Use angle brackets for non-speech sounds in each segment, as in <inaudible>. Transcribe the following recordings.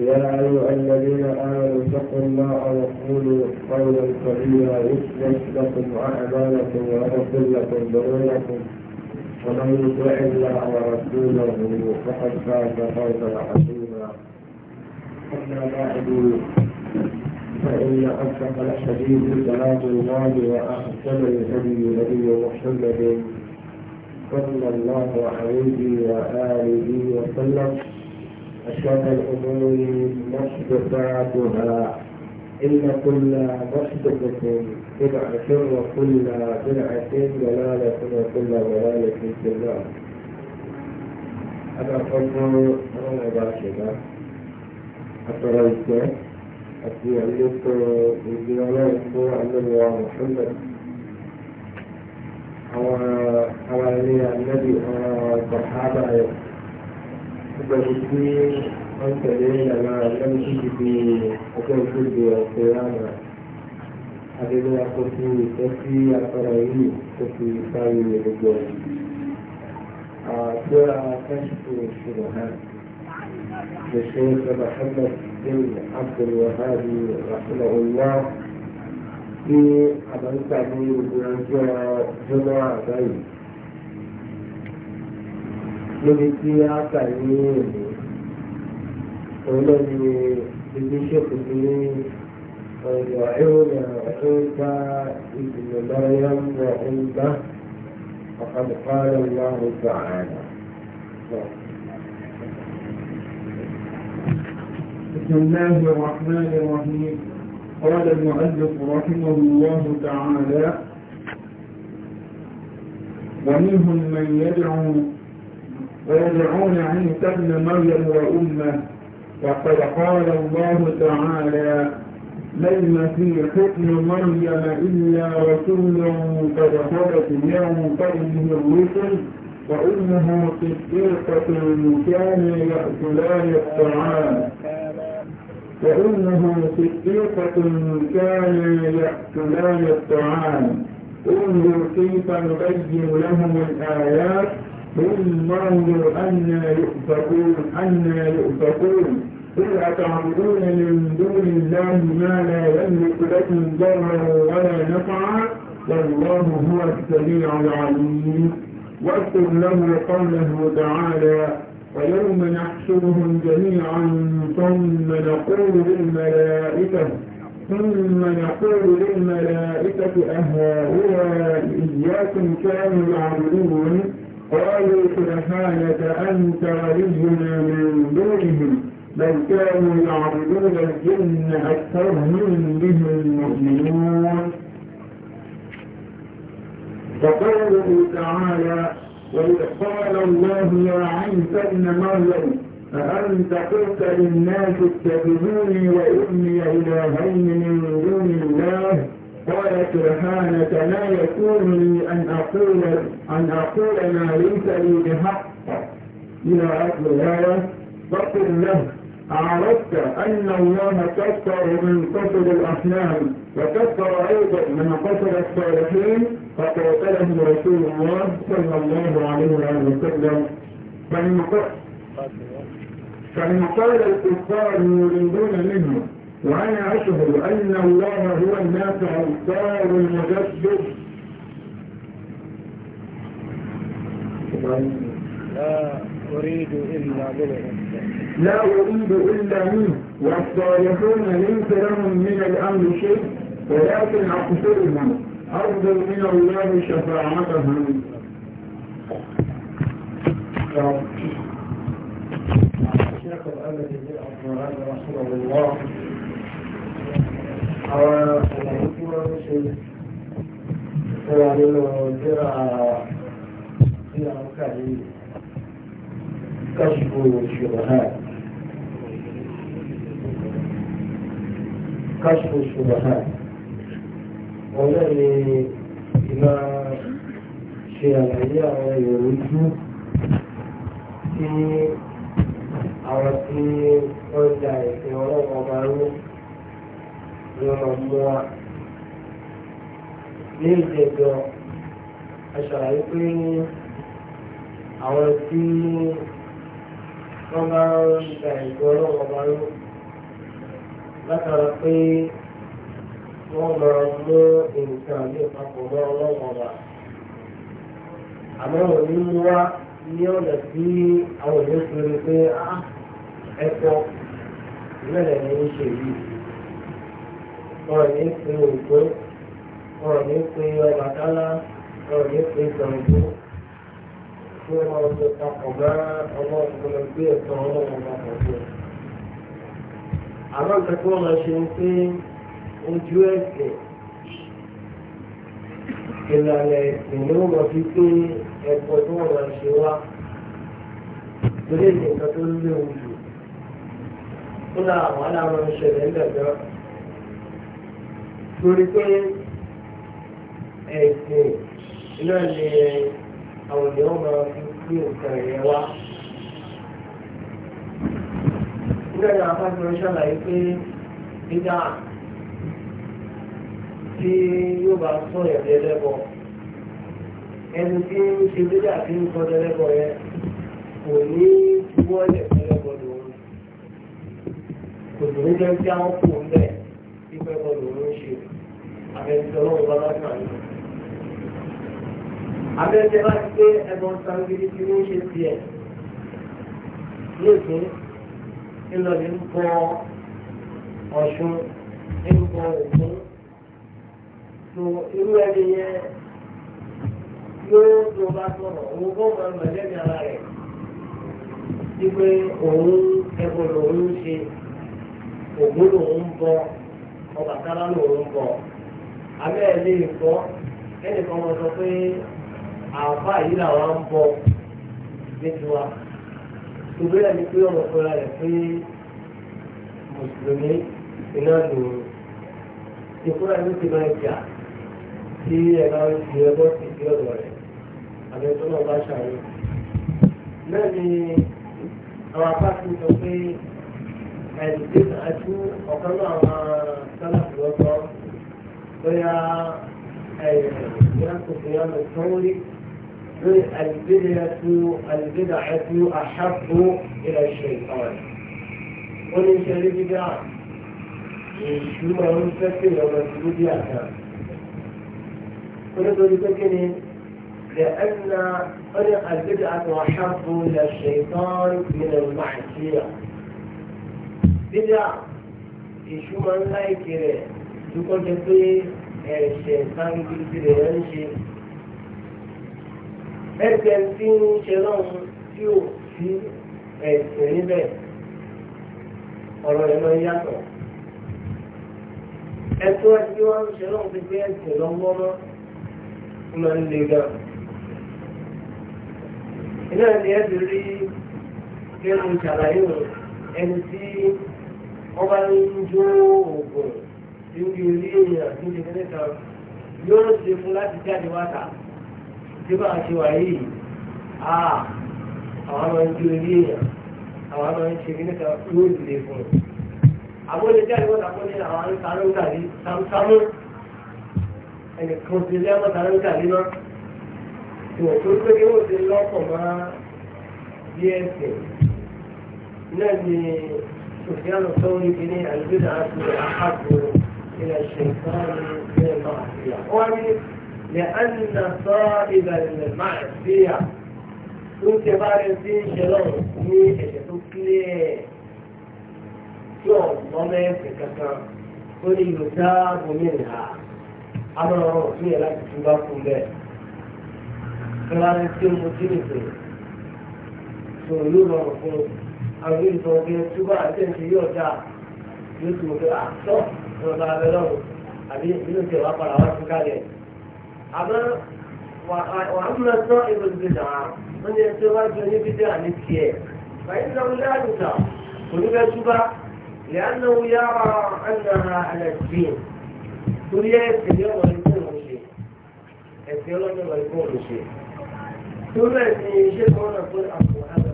يا أيها الذين آمنوا اتقوا الله وقولوا قولا سديدا يصلح لكم أعمالكم ويغفر لكم ذنوبكم ومن يطع الله ورسوله فقد فاز فوزا عظيما أما بعد فإن أصدق الحديث كلام الله وأحسن الهدي نبي محمد صلى الله عليه وآله وسلم وشر الأمور محدثاتها إن كل محدثة بدعة وكل بدعة ضلالة وكل ضلالة في النار أنا أقول أنا باشرة أتريت أتي عليك بديانات عن محمد أو أو النبي أو الصحابة pẹ̀lú tí wọ́n tẹ̀lé ìlànà lẹ́mísìkì bí ọjọ́ ìgbèjì ọ̀sẹ̀ lánàá adébíyá tó fi ìfẹ́ sí àpẹẹrẹ yìí tó fi sáré gbogbo ẹ̀. àgbẹ̀rẹ̀ akẹ́sìkò ìṣòro hàn للشيخ محمد بن عبد الوهاب رحمه الله في أبو سعيد بن جمعة بيت níbi tí a kà ní èdè òun náà ni ibi ṣèkù ti ní ọ̀rọ̀ ìròyìn ọ̀hún bá ìgbìmọ̀ lọ́yà ń wọ ọ̀hún bá ọ̀kan fáwọn ìlànà ìgbà àná. بسم الله الرحمن الرحيم قال المؤلف رحمه الله تعالى ومنهم من يدعو ويدعون عيسى ابن مريم وأمه وقد قال الله تعالى لن المسيح ابن مريم إلا رسول قد خلت من قبله الرسل وأمه صديقة كان يأكلان الطعام وأمه صديقة كان يأكلان الطعام انظر كيف نبين لهم الآيات ثم انظر أنا يؤفكون أنا يؤفكون قل أتعبدون من دون الله ما لا يملك لكم ضرا ولا نفعا والله هو السميع العليم واذكر له قوله تعالى ويوم نحشرهم جميعا ثم نقول للملائكة ثم نقول للملائكة أهؤلاء إياكم كانوا يعبدون قالوا سبحانك أنت ولينا من دونهم بل كانوا يعبدون الجن أكثرهم بهم مؤمنون وقوله تعالى وإذ قال الله يا عيسى ابن مريم أأنت قلت للناس اتخذوني وأمي إلهين من دون الله قال سبحانك لا يكون لي أن أقول أن أقول ما ليس لي بحق إلى أصل الآية فقل له أعرفت أن الله كفر من قصد الأحلام وكفر أيضا من قصد الصالحين فقاتله رسول الله صلى الله عليه وسلم فمن قال الكفار يريدون منه وأنا أشهد أن الله هو النافع الدار المجدد لا أريد إلا منه لا أريد إلا منه والصالحون ليس لهم من الأمر شيء ولكن أقصرهم أرجو من الله شفاعتهم الشيخ الذي رسول الله àwọn àlàyé tí wọ́n ń ṣe fẹ́ra nínú jẹ́ra tí a ń kà ní káṣíkò ṣùgbọ́n káṣíkò ṣùgbọ́n wọn náà ni ìmá ṣe àlàyé àwọn èrò ojú tí àwọn tí wọ́n da ìfẹ́ ọlọ́wọ́ ọba rú ni wọ́n máa mú wa. ní ìjẹjọ a ṣàlàyé pé àwọn tí wọ́n bá ń gba ìgbọ́ náà wọ́n bá ń látara pé wọ́n máa mú nǹkan ní ìpapọ̀ mọ́ ọlọ́wọ́n wa. àmọ́ òní mú wa ní ọ̀nà tí àwọn ènìyàn ti rí pé ah, ẹ̀kọ́ ìrẹ̀lẹ̀ ni ó ṣe yìí wọn ní pe òjò wọn ní pe ọbàtálá wọn ní pe gbọ̀ngbò tí wọn máa ṣe papọ̀ gáà ọmọ ìgbọ̀nà gbé ẹ̀tọ́ ọlọ́run máa pọ̀ sí. àmọ́ nǹkan tí wọ́n máa ṣe ń pé ojú ẹ̀sẹ̀ ìlànà ẹ̀sìn ni wọ́n máa fi pé ẹ̀kọ́ tí wọ́n máa ṣe wá lórí ìdìkan tó léwu jù. ó náà àwọn aláwọ̀ ń ṣẹlẹ̀ ńlẹ̀ gan torí pé ẹ̀sìn náà ni àwọn èèyàn máa fi kí nǹkan ẹ̀yẹ wá. nígbà tí àwọn afásitì ṣàlàyé pé dídá tí yóò bá sún ẹ̀dẹ́ ẹlẹ́bọ̀ ẹni tí ń ṣe dídá tí ń sọ ẹlẹ́bọ̀ yẹn kò ní wọ́ọ̀lẹ̀ ẹlẹ́bọ̀ lòun kò sì ní jẹ́ kí àwọn kò ń bẹ̀ tí fẹ́ mọ lòun ń ṣe àbẹ̀tẹ̀ ọlọ́run bá lákà ní. àbẹ̀tẹ̀ bá ti pé ẹbọn sangiri tí wọ́n ṣe tiẹ̀ lóògùn ńlọrin ń bọ ọ̀ṣun ń bọ ògún tó irú ẹni yẹn yóò tó bá sọ̀rọ̀ òun kò mọ mọ̀lẹ́bí ara rẹ̀ wípé òun ẹbọn lòun ń ṣe ògún lòun ń bọ. Ọbàtálá lòun ń bọ̀ abẹ́ ẹ̀ ẹnìkan wọn sọ pé àáfà yìí làwọn ń bọ̀ nítiwa ṣùgbọ́n ẹni pé ọmọ fúnra rẹ̀ pé mùsùlùmí iná lòun ìfúnra ẹni ti máa jà tí ẹ bá ń fi ẹgbọ́ ọ̀dọ̀ rẹ̀ àbẹ̀ tó náà bá ṣàyẹ̀ náà ni àwọn apá ti sọ pé. البدعة ọ̀kan náà àwọn sálàfù lọ́sọ bóyá ìyàtọ̀ ìyàtọ̀ sọ́wọ́rí lórí البدعة البدعة أحب إلى الشيطان ó ní ṣẹlẹ̀ bídà èṣù máa ń fẹ́ pé ọmọ ìlú bí àná onítorí pé kí ni لأن أنا البدعة أحب إلى الشيطان من المعصية bídà èṣù máa ń láìkè rẹ̀ dúkọ́ jẹ pé ẹ̀ṣẹ̀ sáré gidi rẹ̀ ń ṣe. ẹ̀ṣẹ̀ tí ń ṣe náà tí ò sí ẹ̀ṣẹ̀ níbẹ̀ ọ̀rọ̀ rẹ̀ lọ yàtọ̀. ẹ̀tọ́ tí wọ́n ń ṣe náà ti gbé ẹ̀ṣẹ̀ lọ́wọ́ mọ́ ń máa ń le gan. iná ni ẹ̀ ti rí kí ẹnu ṣàlàyé ẹni tí wọ́n ní jó oògùn tí ó di orí èèyàn tó ti fẹ́lẹ́ kan yóò ṣe fún láti jáde wáta tí bá a ṣe wà yìí a àwọn máa ń jó èèyàn àwọn máa ń ṣe kí nìkan yóò dìde fún un. àbúlé jáde wáta fún ní àwọn sáréńgà ní sámúsámú ẹnìkan ti lé àwọn sáréńgà ní náà ìwọ̀n tó ń pé kí wọ́n ti lọ́pọ̀ bí ẹ̀sìn náà ni. سفيان الثوري بني البدعة أحب إلى الشيطان من المعصية ومن لأن صاحب المعصية كنت بعد في شلون في تكلي شلون مامي في كتر كل يتاب منها أنا رأسي لك تباكم به فلا نسير مجلسي سيولون رفوض àwọn yóò sọ pé túbà àti ẹ̀sìn yóò dà yóò tó pé àtọ́ ọ̀rọ̀ bá abẹ lọ́wọ́ àbí yóò tẹ̀ wá padà wá sí kálẹ̀. àmọ́ wà á mú ẹ̀sán ìbòsí dà á wọ́n ní ẹ̀sán wá jọ níbi dé àní tiẹ̀. báyìí náà wọlé àdùtà kò ní bẹ́ túbà lẹ́yìn yára ẹ̀nà àlẹ́sì torí ẹ̀sìn yóò wọlé fún òun ṣe ẹ̀sìn ọlọ́dún wọlé fún òun ṣe. torí ẹ̀sìn iṣẹ́ kan náà fún àpò àbá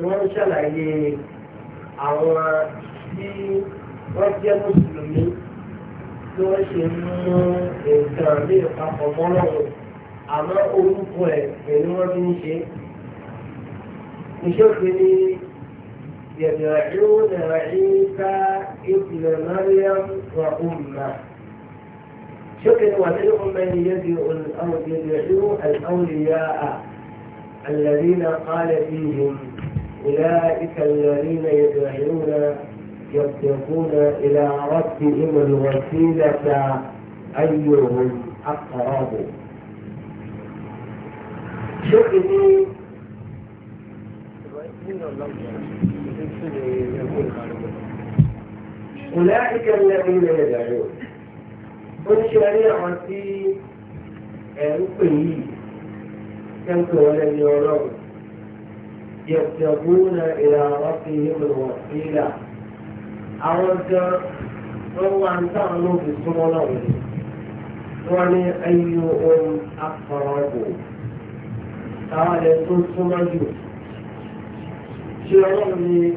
wọ́n ń ṣàlàyé àwọn tí wọ́n jẹ́ mùsùlùmí tí wọ́n ṣe mú nǹkan ní ìpapọ̀ mọ́lọ́rùn àmọ́ orúkọ ẹ̀ pẹ̀lú wọ́n fi ń ṣe. Iṣẹ́ òfin ni يدعون عيسى ابن مريم وأمه شكر ومنهم من يدعو أو يدعو الأولياء الذين قال فيهم أولئك الذين يدعون يبتغون إلى ربهم الوسيلة أيهم أقرب شكري أولئك الذين يدعون قل شريعتي أنقي كنت ولن يرون يبتغون إلى ربهم الوسيلة أرجع هو أن تعلو بالسنة وأني أيهم أقرب قال تسمى شيرني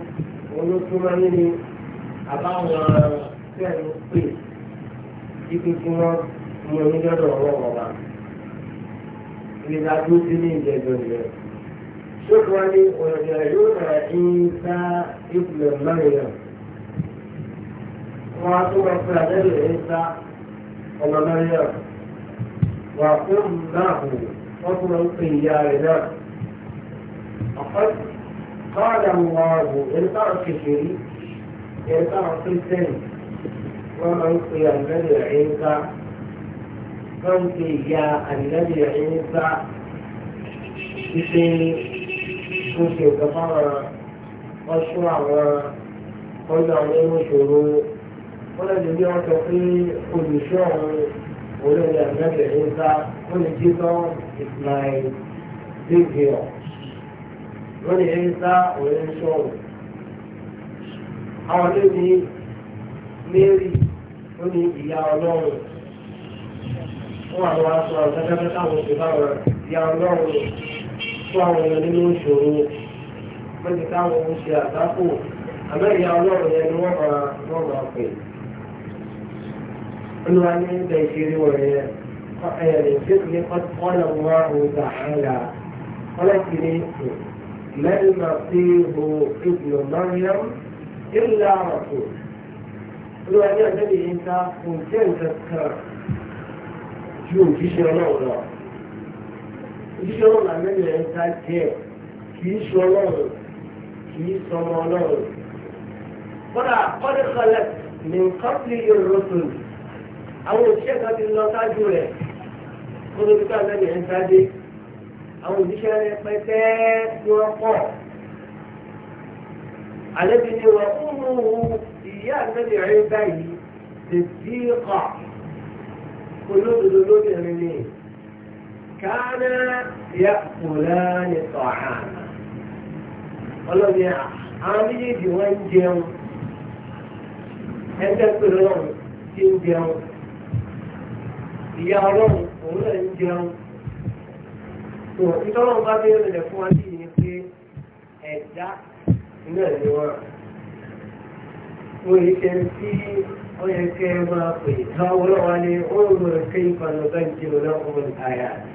ونسمعني أبعوا كانوا فيه يكتبون من يدعو الله إذا كنت من يدعو الله شكرا ويدعون عيسى ابن مريم وأتوفى نبي عيسى ọmọ mẹ́rìnà wà fún náàbù ọkùnrin ń pè ìyá rẹ̀ náà ọ̀pọ̀lọpọ̀ wàhù ẹni táwọn kékeré ẹni táwọn kírísítẹ́nì wọ́n máa ń pè ànínàbì ẹ̀yìnká wọ́n ń pè ìyá ànínàbì ẹ̀yìnká ìpè ń ṣe nǹkan wọ́n sún àwọn ọjọ́ àwọn ẹni ìṣòro wọ́n lè bí wọ́n sọ pé olùṣọ́ àwọn olóyè àgbẹ̀bẹ̀ ń sá wọ́n lè jí tán ìsìláì bíbí ọ̀ wọ́n lè ń sá òun ń sọ̀rọ̀ àwọn olóyè mary ó ní ìyá ọlọ́run fún àwọn aṣọ àgbẹ̀bẹ̀ táwọn òṣèlú àwọn ìyá ọlọ́run ṣọ́ àwọn èèyàn nínú ìṣòro méjì táwọn ń ṣe àtàkù àmẹ́yà ọlọ́run yẹn ni wọ́n máa wọ́n máa pè. olúwa ní ìgbà ìṣeré wọ̀ yẹn ẹ̀yẹ̀ lè fi ní ọ̀nà wọn àwọn ìgbà ọlọ́kì ní lẹ́yìn náà sí ihò ìgbìmọ̀ mariam ìlà àràkù olúwa ní ọ̀dẹ́bìyìn ká kò jẹ́ nǹkan ju òjíṣẹ́ ọlọ́run lọ iṣẹ́ ọ̀nà mẹ́rin ẹ̀ ń ta díẹ̀ kì í sọ ọlọ́run kì í sọ ọmọ ọlọ́run. kódà ọdún kọlẹ̀ ní kọ́pìlì yorùbá tó àwọn òṣìṣẹ́ kan ti lọ sáájú rẹ̀ kó ló ti ká mẹ́rin ń ta dé àwọn òṣìṣẹ́ rẹ̀ pẹ́tẹ́ tí wọ́n pọ̀. àlẹ́bí ni wọ́n ń mú ìyá mẹ́rin ẹ̀ báyìí tètè kọ̀ olódodo lóbìnrin nìyí kana ya'kulani ta'ama ọlọ́ni àwọn méjèèjì wọ́n ń jẹun ẹgbẹ́ pé ọlọ́run ti ń jẹun ìyá ọlọ́run òun náà ń jẹun fún wa sí ni pé ẹ̀dá náà ni wọ́n wọ́n yìí ṣe ń tí ó yẹ kẹ́ ẹ máa pè káwọn ni ó rò kí ìfànà bá ń náà ọmọ ìtayà rẹ̀.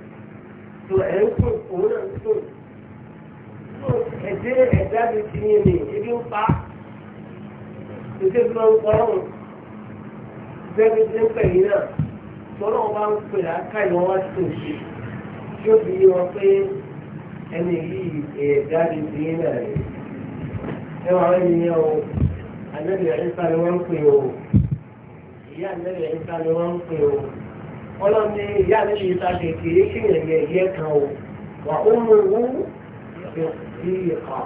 tó ẹ̀ ń kùn òun náà ń tó ẹ̀dẹ́ ẹ̀dá mi ti yín ni ebi ń pa ètò ìfúnná ń kọ́ ọ̀hún bẹ́ẹ̀ ń pè yín náà tọ́lọ́ bá ń pè láká ìwọ́n wá sí òṣì tí ó fi yé wọn pé ẹni yìí ẹ̀dá mi ti yín náà rẹ̀ ẹ wà wọ́n yẹn o ànábìyà ìsàlẹ̀ wọ́n ń pè o ìyá ànábìyà ìsàlẹ̀ wọ́n ń pè o ọlọ́run ní ìyá mi ṣe ta ṣe kìí ṣe ìyẹ̀yẹ ìyẹ́ kan o wà ó mú owó sí ìka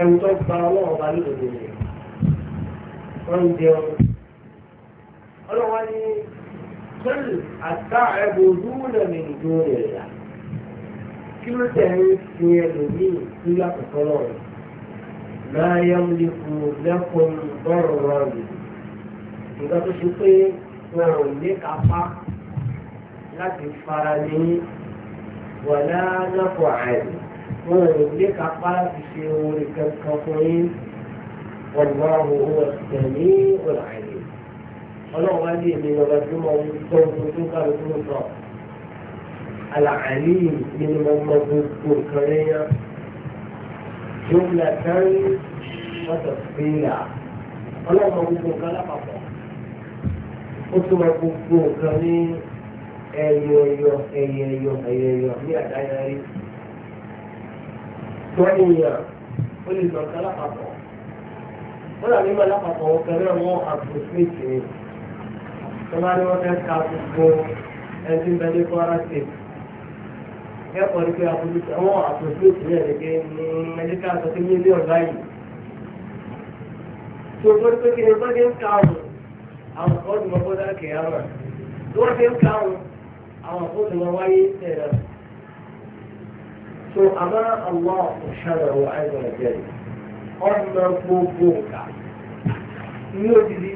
ẹ̀rù tó gba ọlọ́run bá lóde lè wọ́n ń jẹun ọlọ́run wá ní kọ́lù àtà ẹ̀bùn dúró mi dúró rẹ̀ yá kí ló tẹ̀ ń fi ẹlòmíì tó yàtọ̀ sọ́lọ́run náà yẹ́n lè kú lẹ́kùn bọ́ọ̀rọ̀ rẹ̀ nǹkan tó ṣe pé wọn ní kápá láti fara ní wàlá lọ́pọ̀ àìrí wọn ní kápá láti ṣe orin kankan fún yín ọlọ́run owó tẹ̀lé ọ̀rọ̀ àìrí ọlọ́run wá lé mi lọ́ba tó mọ ohun tó ń tó tó kárò tó ń sọ àlàáyé ni mo mọ gbogbo nǹkan yẹn jumlatan wa tafsila ọlọ́run gbogbo nǹkan lápapọ̀. ó túmọ̀ gbogbo nǹkan ní ẹyọ ẹyọ ẹyọ ẹyọ ẹyọ ẹyọ ní àdáyẹrí tó ènìyàn ó lè lọ sí alápapọ̀ ó là nígbà alápapọ̀ wọn kẹrẹ́ wọn àpòsílẹ̀tì ni tó bá ní wọ́n fẹ́ ka gbogbo ẹni tí ń bẹ ní Kwara State kẹ́kọ̀ọ́ ní pé àwọn àpòsílẹ̀tì náà ní pé ní mẹ́díkà sọ pé ní ilé ọ̀gá yìí tó tó ní kí ni bá dé ń ka ọ̀rọ̀ àwọn kọ́ọ̀dù wọn kó dára kẹ̀yà rọ̀ tí wọ́n fi ń ka àwọn àwọn kọ́ọ̀dù wọn wáyé tẹ̀lé so àmọ́ àwọn òṣèlú àwọn àìsàn ẹ̀jẹ̀ ọ̀nà gbogbo nǹka ní òdìdí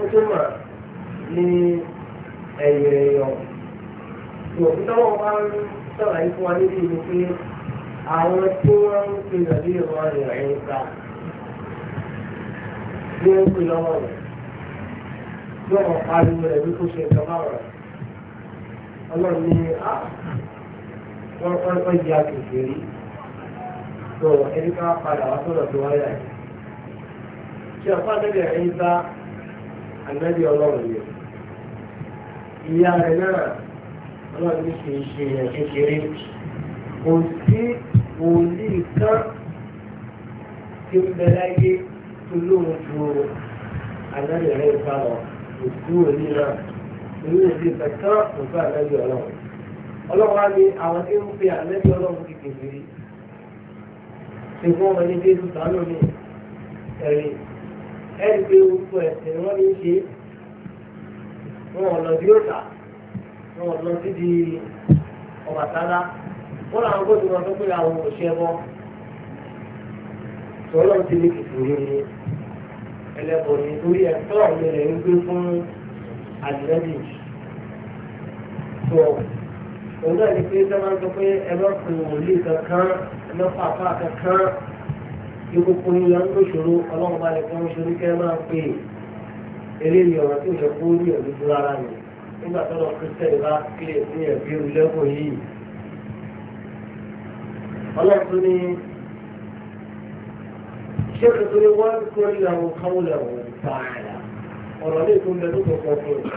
ó tó mà ní ẹ̀yìn ẹ̀yọ̀ tó ìtọ́wọ́ bá ń sọ̀rọ̀ yìí fún wa níbi ìlú pé àwọn tí wọ́n ń pè nàbí ìwọ̀n ìrìn àyíká ní ń pè lọ́wọ́ rẹ̀ yọ̀rọ̀ pariwo rẹ̀ wípé ṣe ìjọba rẹ̀ ọlọ́run ní wọ́n kọ́ ìyá kìkì rí tó ẹni ká padà wá sọ̀rọ̀ tó wáyà yìí ṣe ọ̀pá nílẹ̀ ẹ̀yìn bá ànábì ọlọ́run yìí ìyá rẹ̀ náà ọlọ́run ní kì í ṣe èèyàn kékeré kò sí wòlíì kan tí ń bẹ láyé tó lóun ju ànábì rẹ̀ ń bá lọ òkú èyí náà èyí èyí kankan kò sí àlẹ́bí ọlọ́run ọlọ́run á ní àwọn tí ń pe àlẹ́bí ọlọ́run ti kékeré ṣùgbọ́n wọn ní jésù sánú ní ẹ̀rí ẹ̀rí pé orúkọ ẹ̀sìn wọn ní ṣe wọn ò lọ sí òòtà wọn ò ẹlẹ́bọ̀ ní torí ẹ̀tọ́ àwọn ẹ̀rẹ̀ ń gbé fún àdìrẹ́bì tó òun náà ni pé ṣé máa ń sọ pé ẹ bá fún wòlíì kankan ẹ bá fà fà kankan ìkókó ní ìyá ń lò ṣòro ọlọ́run bá lè fọ́n ṣòro kẹ́ ẹ máa pè é eré ni ọ̀rọ̀ tí ò yẹ kó rí ọ̀dún tó rárá ni nígbà tó lọ kírísítẹ́nì bá kílè ní ẹ̀bí olùlẹ́kùn yìí ọlọ́run tó ní. الشيخ يقول واذكر له قوله تعالى ورأيتم لدوك قوله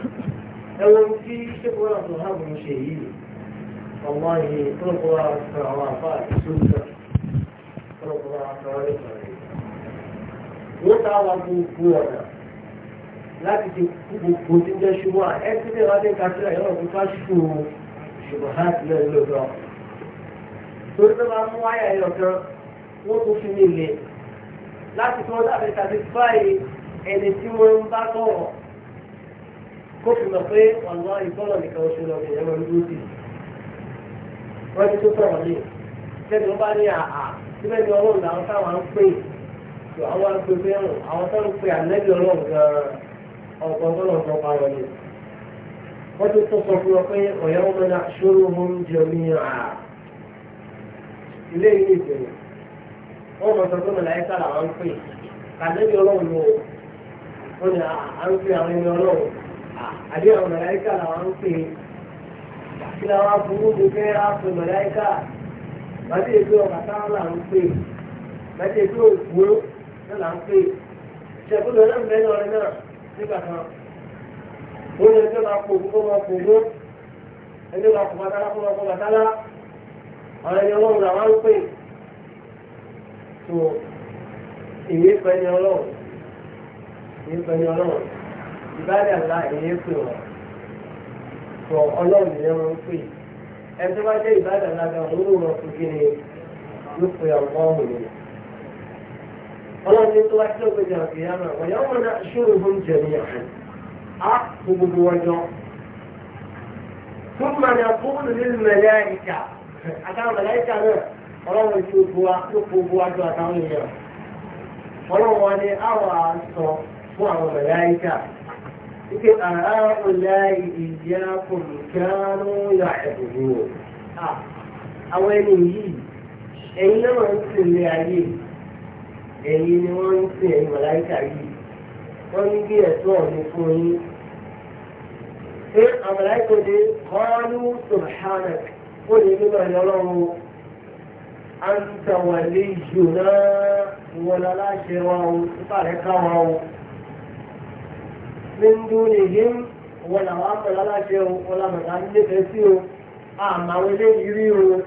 لو في شيخ ولا صحاب المشيئين والله طرق الله السعرافات سلسة طرق الله السعرافات وتعرفوا قوانا láti ti gbogbo tí ń jẹ́ ṣubú à ẹ ti lè rájẹ́ kásílẹ̀ yọ̀rọ̀ fún káṣíkù ṣùgbọ́n láti lè lò lọ. torí pé máa láti fi wọn láti satisfy ẹni tí wọ́n ń bá tọ̀rọ̀ kó fi mọ̀ pé ọ̀nà ìtọ́nà nìkan oṣù lọ bẹ̀rẹ̀ wọn ló dì wọ́n ti tó sọ̀rọ̀ lé sẹ́ni wọ́n bá ní àhà síbẹ̀ ni ọlọ́run làwọn táwọn ń pè tó àwọn agbègbè ẹ̀rùn àwọn táwọn ń pè ànẹ́bí ọlọ́run gan-an ọ̀gbọ̀n tó lọ́ọ̀ sọ́pa wọn ni wọ́n ti tó sọ fún wọn pé ọ̀yà wọ́n mọ̀ sọ pé mọ̀láyíkà làwọn ń pè kàdébí ọlọ́run lò ó ní à ń pè àwọn ẹni ọlọ́run àbí àwọn mọ̀láyíkà làwọn ń pè kí làwọn aburú mi fẹ́ á pè mọ̀láyíkà bàtí èdè ọ̀gá táwọn là ń pè bàtí èdè òkú náà là ń pè ṣẹ̀kúlù náà mẹ́rin ọ̀rẹ́ náà nígbà kan ó ní ẹgbẹ́ máa pò kó máa pò mú ẹgbẹ́ máa pò bàtálá kó máa pò ọ̀rẹ́ ni ọlọ́run làwọn pè. tó ìwé pẹ̀lú ọlọ́run ìwé pẹ̀lú ọlọ́run ìbáraẹ̀ ńlá ìwé pè wọ́n tó ọlọ́run ni wọ́n ń pè ẹni tó bá jẹ́ ìbáraẹ̀ ńlá gan òun ló kí ni yóò pe ọ̀pọ̀ ni. ní tó bá òkè náà ṣòro á kó gbogbo ọlọ́run tí ó bu wa tó bu bu wa ju àtàwọn èèyàn ọlọ́run wa ni àwọn àṣọ fún àwọn mẹ̀láìkà ike àárò láì ìyá kòlùkánú yà ẹ̀bùrú o àwọn ẹni yìí ẹ̀yin náà ń sìn lé ayé ẹ̀yin ni wọ́n ń sìn ẹ̀yin mẹ̀láìkà yìí wọ́n ní bí ẹ̀tọ́ ọ̀nì fún yín. ṣé àwọn mẹ̀láìkà dé kọ́ọ́lù sùnmùhánà ó lè nígbà yọ lọ́rùn o. أنت ولينا ولا لا شراء طريقا وهو من دونهم ولا واقع لا شيء ولا مغني كثير أما ولين يريو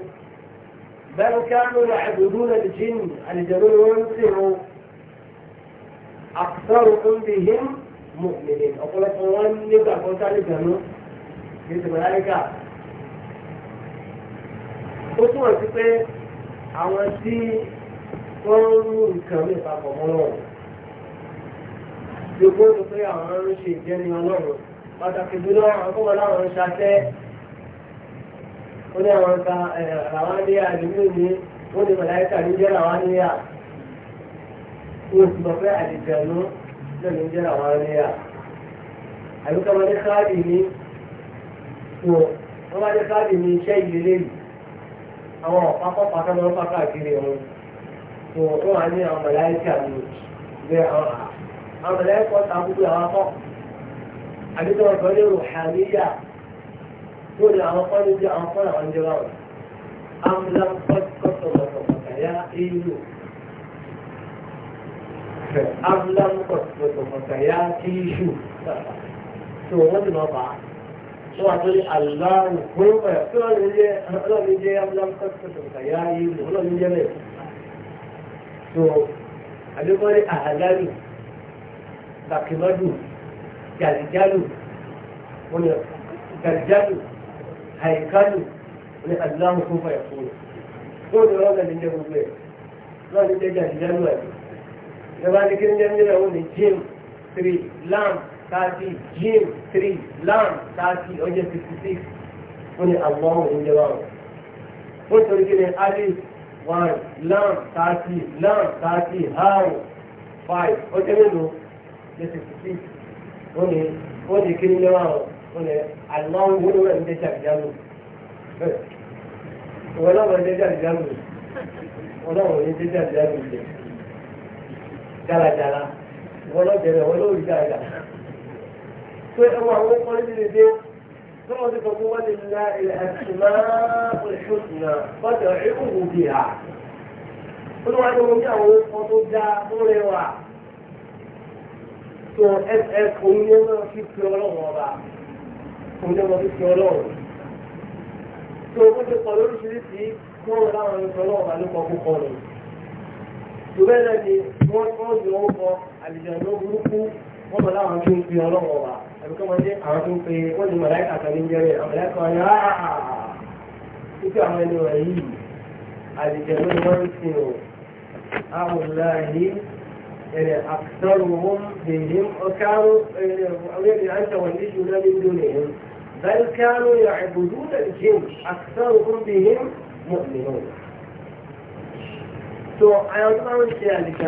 بل كانوا يعبدون الجن الجنون وينصروا أكثرهم بهم مؤمنين أقول لك وين نبقى قلت على الجنون قلت ملائكة ó túmọ̀ sí pé àwọn tí wọ́n ń mú nǹkan mi papọ̀ mọ́ lọ́wọ́ gbogbo ní pé àwọn ń ṣe ìjẹni ọlọ́run pàtàkì jùlọ àwọn kọ́kọ́ láwọn ń ṣaṣẹ́ ó ní àwọn ta àwọn adéyà àdúgbò ní ó ní màláìka ní jẹ́ làwọn adéyà ó sì mọ̀ pé àdìjẹ̀nu náà ní jẹ́ làwọn adéyà àbíkọ́ wọn ní káàdì ní wọ́n wọ́n wá ní káàdì ní iṣẹ́ ìlélẹ́yìí àwọn ọ̀pápọ̀ pátá lọ́wọ́ pátá àkiri ọ̀hún tó wọ́n wá ní àwọn mọ̀láyíkà ni bẹ́ àwọn àwọn mọ̀láyíkà ọ̀tá gbogbo àwọn akọ́ àdúgbò ọ̀tọ́ lérò hàníyà tó ní àwọn kọ́ níbi àwọn kọ́ làwọn ń jẹrọ àwọn amúlá kọ́tọ̀kọ̀tọ̀kọ̀tàyà ìlú amúlá kọ́tọ̀kọ̀tọ̀kọ̀tàyà kí iṣu tó wọ́n ti lọ bàá. وعطي الله هو كل اللي كل اللي يملك كتب خيالي كل اللي يملك so àdékọ́lé àhàlálù bàkìmọ́dù jàlìjálù wọ́n ni jàlìjálù àìkálù wọ́n ni àdìláhùn fún fàyà fún un fún ni wọ́n gàdí jẹ́ gbogbo ẹ̀ náà ní jẹ́ jàlìjálù àti ìjọba ní kí ní jẹ́ mílíọ̀nù ní jim thirty jim three lam thirty ọjọ́ fifty six ó ní àwọn ohun ìjọba wọn. ó torí kí ni alif one lam thirty lam thirty ham five ọjọ́ mélòó ọjọ́ fifty six ó ní ó ní kí ni lọ́wọ́ wọn ó ní àwọn ohun ìjọba ń dẹ́jà ìjánu. náà wọ́n dẹ́jà ìjánu wọ́n náà wọ́n dẹ́jà ìjánu jẹ́ dáradára wọ́n náà jẹ́ bẹ́ẹ̀ wọ́n náà rí dáradára pé ní ti dé tí kan tó dáa tó rẹwà tó ẹ òun ní wọ́n fi fi ọlọ́run ọba òun ní wọ́n fi fi ọlọ́run. tó o ti pọ̀ lóríṣiríṣi kí wọ́n láwọn ìṣọ́ ọlọ́run ọba ló kọ́ kó kọ́ ni. tó ni wọ́n yọ ó kọ àlejò burúkú wọ́n mọ̀ láwọn tó fi ọlọ́run ọba ẹ̀kọ́ wọn jẹ́ àwọn tó ń pe wọ́n ní mọ̀láìkà kan ní jẹ́rẹ̀ àwọn mọ̀láìkà wọn yà á títí àwọn ẹni wọ̀nyí yìí àlejò ló ni wọ́n ń sin o àwọn láàyè ẹ̀rẹ̀ àkùsọ́rù wọn bèèrè ọkàrù ẹ̀rẹ̀ àwọn ẹ̀rẹ̀ àǹtà wọn ní ṣùgbọ́n ní ìdúnà yẹn bẹ́ẹ̀ kánú yà ìbùdó náà jẹ́ àkùsọ́rù wọn bèèrè mọ̀mìnà. tó àwọn tó bá ń ṣe àlejò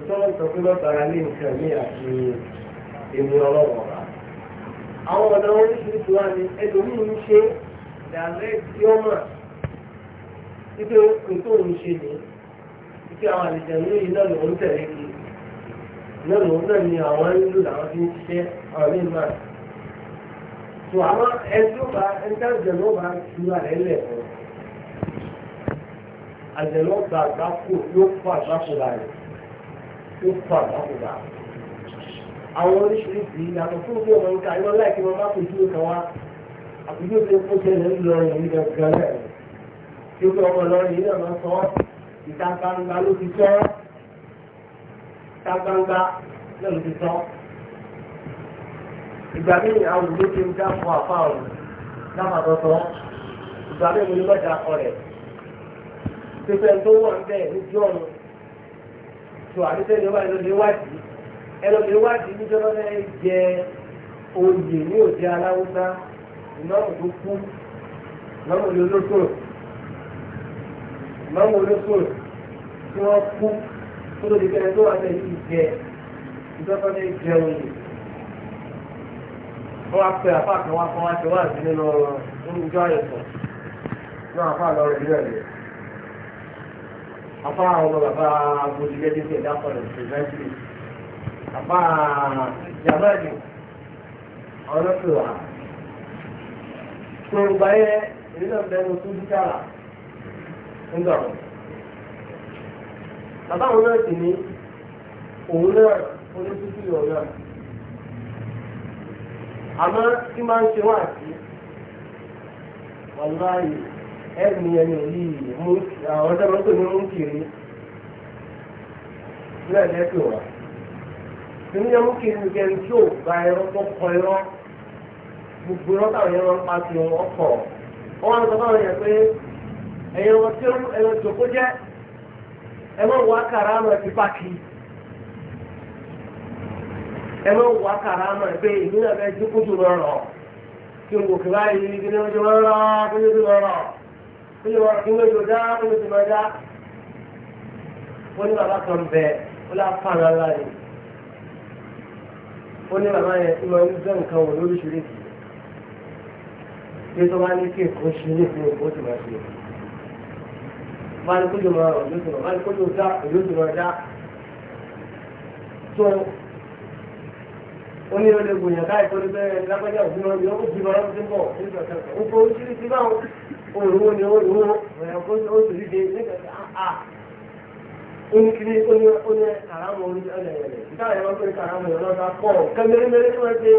ìtọ́wọ́n sọ pé lọ́tara ní nǹkan ní àti èmi ọlọ́wọ́ ọ̀la. àwọn ọ̀nà oríṣiríṣi wá ní ẹlòmíì ń ṣe dàlẹ́ tí ó mà títí ètò òun ṣe ní títí àwọn àlejò yìí náà lòún tẹ̀lé kí náà lòún náà ni àwọn nílò làwọn fi ń ṣiṣẹ́ àwọn ní ìmọ̀ tó àwọn ẹjọ́ bá ẹjọ́ ìjọba bá ju àlẹ́ lẹ̀ fún àjẹlọ́gbà àgbákò yóò kó àgbákò láàyè ó kọ àbákùnbà àwọn oríṣiríṣi yàtọ̀ fún bí ọmọ nǹkan àyọ̀ láìpẹ́ wọn bá kò dúró kan wá àbújá tó kó tẹ̀lé ńlọrọ̀ yìí gangan rẹ̀ tí ó fi ọmọ lọ́rọ̀ yìí náà sọ ìta gbangba ló ti sọ ìta gbangba náà ló ti sọ ìgbà míì àwọn òbí ti ń dá fún àfa ọ̀rọ̀ lábàtọ̀tọ̀ ìgbà míì mo ní mọ̀jà kọ rẹ̀ tó wọ̀ ń bẹ́ẹ̀ ní jọ́ọ̀nù tó àdúgbò ìjọba ìlọlẹ̀ wádìí ẹlọ́lẹ̀ wádìí níjọba náà jẹ oyè ní òde aláwùsá ìnáwó tó kú ìnáwó olóṣòro ìnáwó olóṣòro tí wọ́n kú tó lóde kẹrẹ tó wà lẹ́yìn ìjẹ ìjọba náà jẹ oyè wọ́n á pẹ́ àpá kan wá kan wá ṣe wá sí nínú ọ̀rọ̀ nínú ìjọ àyẹ̀kọ́ náà àpá lọ́rọ̀ ìlú ẹ̀lẹ́yẹ apá ọmọ bàbá agbóṣìlẹ́dé tí ẹ̀dá pọ̀lọ̀ ṣèlẹ́sì apá jamani ọlọ́pẹ̀wà tó gba yẹ ìrìnà bẹnu tó dúkàrà ń dọ̀rọ̀ bàbá òun náà sì ní òun náà olóṣùṣù yọ̀ náà àmọ́ tí máa ń ṣe wá sí wàlúwàyè ẹ̀rù ẹni yìí àwọn tó máa ní mú kiri náà lẹ́tọ̀ wá. Tèmi yẹn mú kiri nìkẹ́ ní tí ò gba ẹran tó kọ ẹran gbogbo ẹran táwọn yẹn ń pa sí wọn ọkọ̀. Wọ́n á sọ fáwọn yẹn pé ẹ̀yin ọmọ tí ẹran jòkó jẹ́ ẹ máa wá kàrá àmọ̀ ẹ̀fí pàkì. Ẹ máa wá kàrá àmọ̀ ẹ̀fẹ́ ìlú náà fẹ́ dínkù jù lọ́rọ̀. Kí n kò kí báyìí kí ni wọ́n ti rọ́rọ́ kí ni wọ́n ti ó ìwé ìlòdá ó lè tìmọ̀ ní bàbá kan bẹ ó lè fa ara rà rè ó ní bàbá yẹn tí wọ́n ń nǹkan wò lóríṣiríṣi pé tó bá ní kí nǹkan ṣe ní ìpínlẹ̀ Èkó tìmọ̀ ṣe bá kójú mọ́ ọ̀rọ̀ lóṣù náà bá kójú dá òlóṣù náà dá tó onírọ̀lẹ́gbòyàn káyọ̀ tó ní bẹ́ẹ̀ lágbájá òfin náà yọ ó jìnnà ọ̀rọ̀ tó ń bọ̀ nígbà kan ó kó oríṣiríṣi báwọn. òru ni ó rú oṣìṣẹ́ oníkiri oní àràmù orí ẹlẹ́yẹlẹ́ ìtàlẹ̀ wọn pé àràmù ọlọ́dà pọ̀ kẹ́mẹ́rẹ́mẹ́rẹ́ tí wọ́n ṣe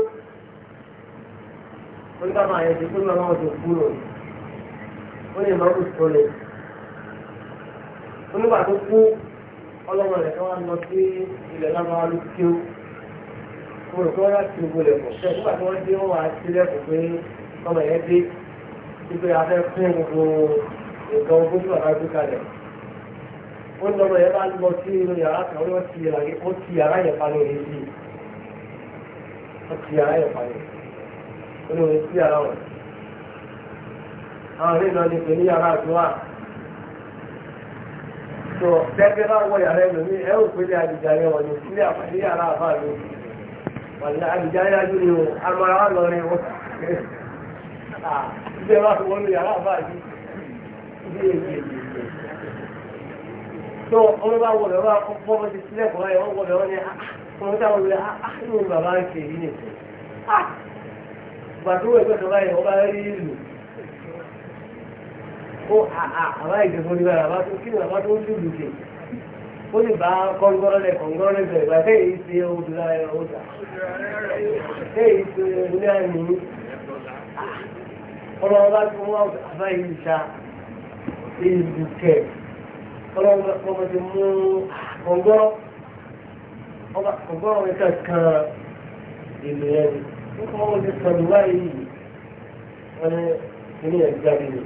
oníkàmọ́ àyẹ̀sí tó lọ́wọ́ wọn tó kúrò ó lè máa kú sọ́lẹ̀ onígbà tó kú ọlọ́wọ́ rẹ̀ kí wọ́n lọ sí ilẹ̀ lábáwá ló kí ó mo rò wọ́n yá ti gbogbo lẹ̀kọ̀ nígbà tí wọ́n dé wọ́n wá pé ọmọ yẹn dé wípé afẹ́ fún gbogbo nǹkan ogún tí bàbá gbé kalẹ̀ ó ń lọ́mọ yẹn bá lọ sí inú yàrá kan ó ti yàrá yẹn ó ti yàrá yẹn pa ní orí ó ti yàrá yẹn pa ní orí sí yàrá wọn àwọn ilé ìlànà ìpè ní yàrá àdúrà tó tẹ́gbẹ́ bá wọ yàrá ẹlòmí ẹ ò pélé àdìjáyé wọn ní sílé àpàdé yàrá àbá mi wàlẹ́ àdìjáyé ajú ni o amara wa lọ rí wọn. <laughs> ìdí ẹ̀rọ àti wọnú yàrá àbáyé ìdí èyí èyí tó ọmọ bá wọlé ọba fọwọ́ ti sílẹ̀ kọ́ ẹ̀ wọ́n wọlé ọ ní ọmọ táwọn wọlé áhùn ní bàbá ń ṣe yìí nìkan gbàdúrà ẹgbẹ́ kan báyìí ọba rí ìlú ó àbá ìdìbò ní bàbá tó kí ni bàbá tó ń dùn lùkè ó lè bá kọ́ńgọ́rọ́ lẹ̀ kọ́ńgọ́rọ́ lẹ̀ bẹ̀rẹ̀ bá tẹ̀yìn ṣe odò láyọ̀ ọ̀dà tẹ̀yìn ṣe ní àyè ọlọ́run bá tún wá àbá yìí sa ìlú kẹ ọlọ́run bá kọ́ ọmọdé mú ọgọ́rọ́ ọgọ́rọ́ rẹ kankan ìlú rẹ ni wọ́n kọ́ ọmọdé sọ̀rọ̀ báyìí wọ́n ní ìlú yẹn jáde ni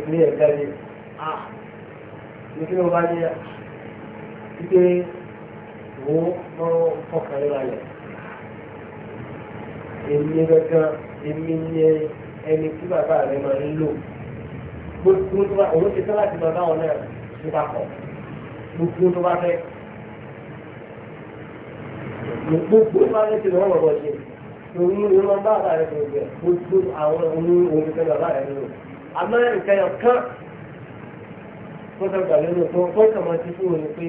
ìlú yẹn jáde ah ìlú yẹn bá ní ìgbé wo ọkàn rẹ balẹ̀ èmi èmi ni ẹni tí bàbá rẹ máa ń lò gbogbo tó bá òun ti sábà ti máa bá wọn náà tó bá kọ gbogbo tó bá fẹ́ gbogbo tó bá fẹ́ ti lọ́wọ́ bọ̀ ṣe òun ni wọn bá bàbá rẹ tó gbẹ gbogbo àwọn òun òun ti fẹ́ bàbá rẹ lò àmọ́ nǹkan yẹn kán tó fẹ́ gbà lónìí tó fẹ́ kàn máa ti fún òun pé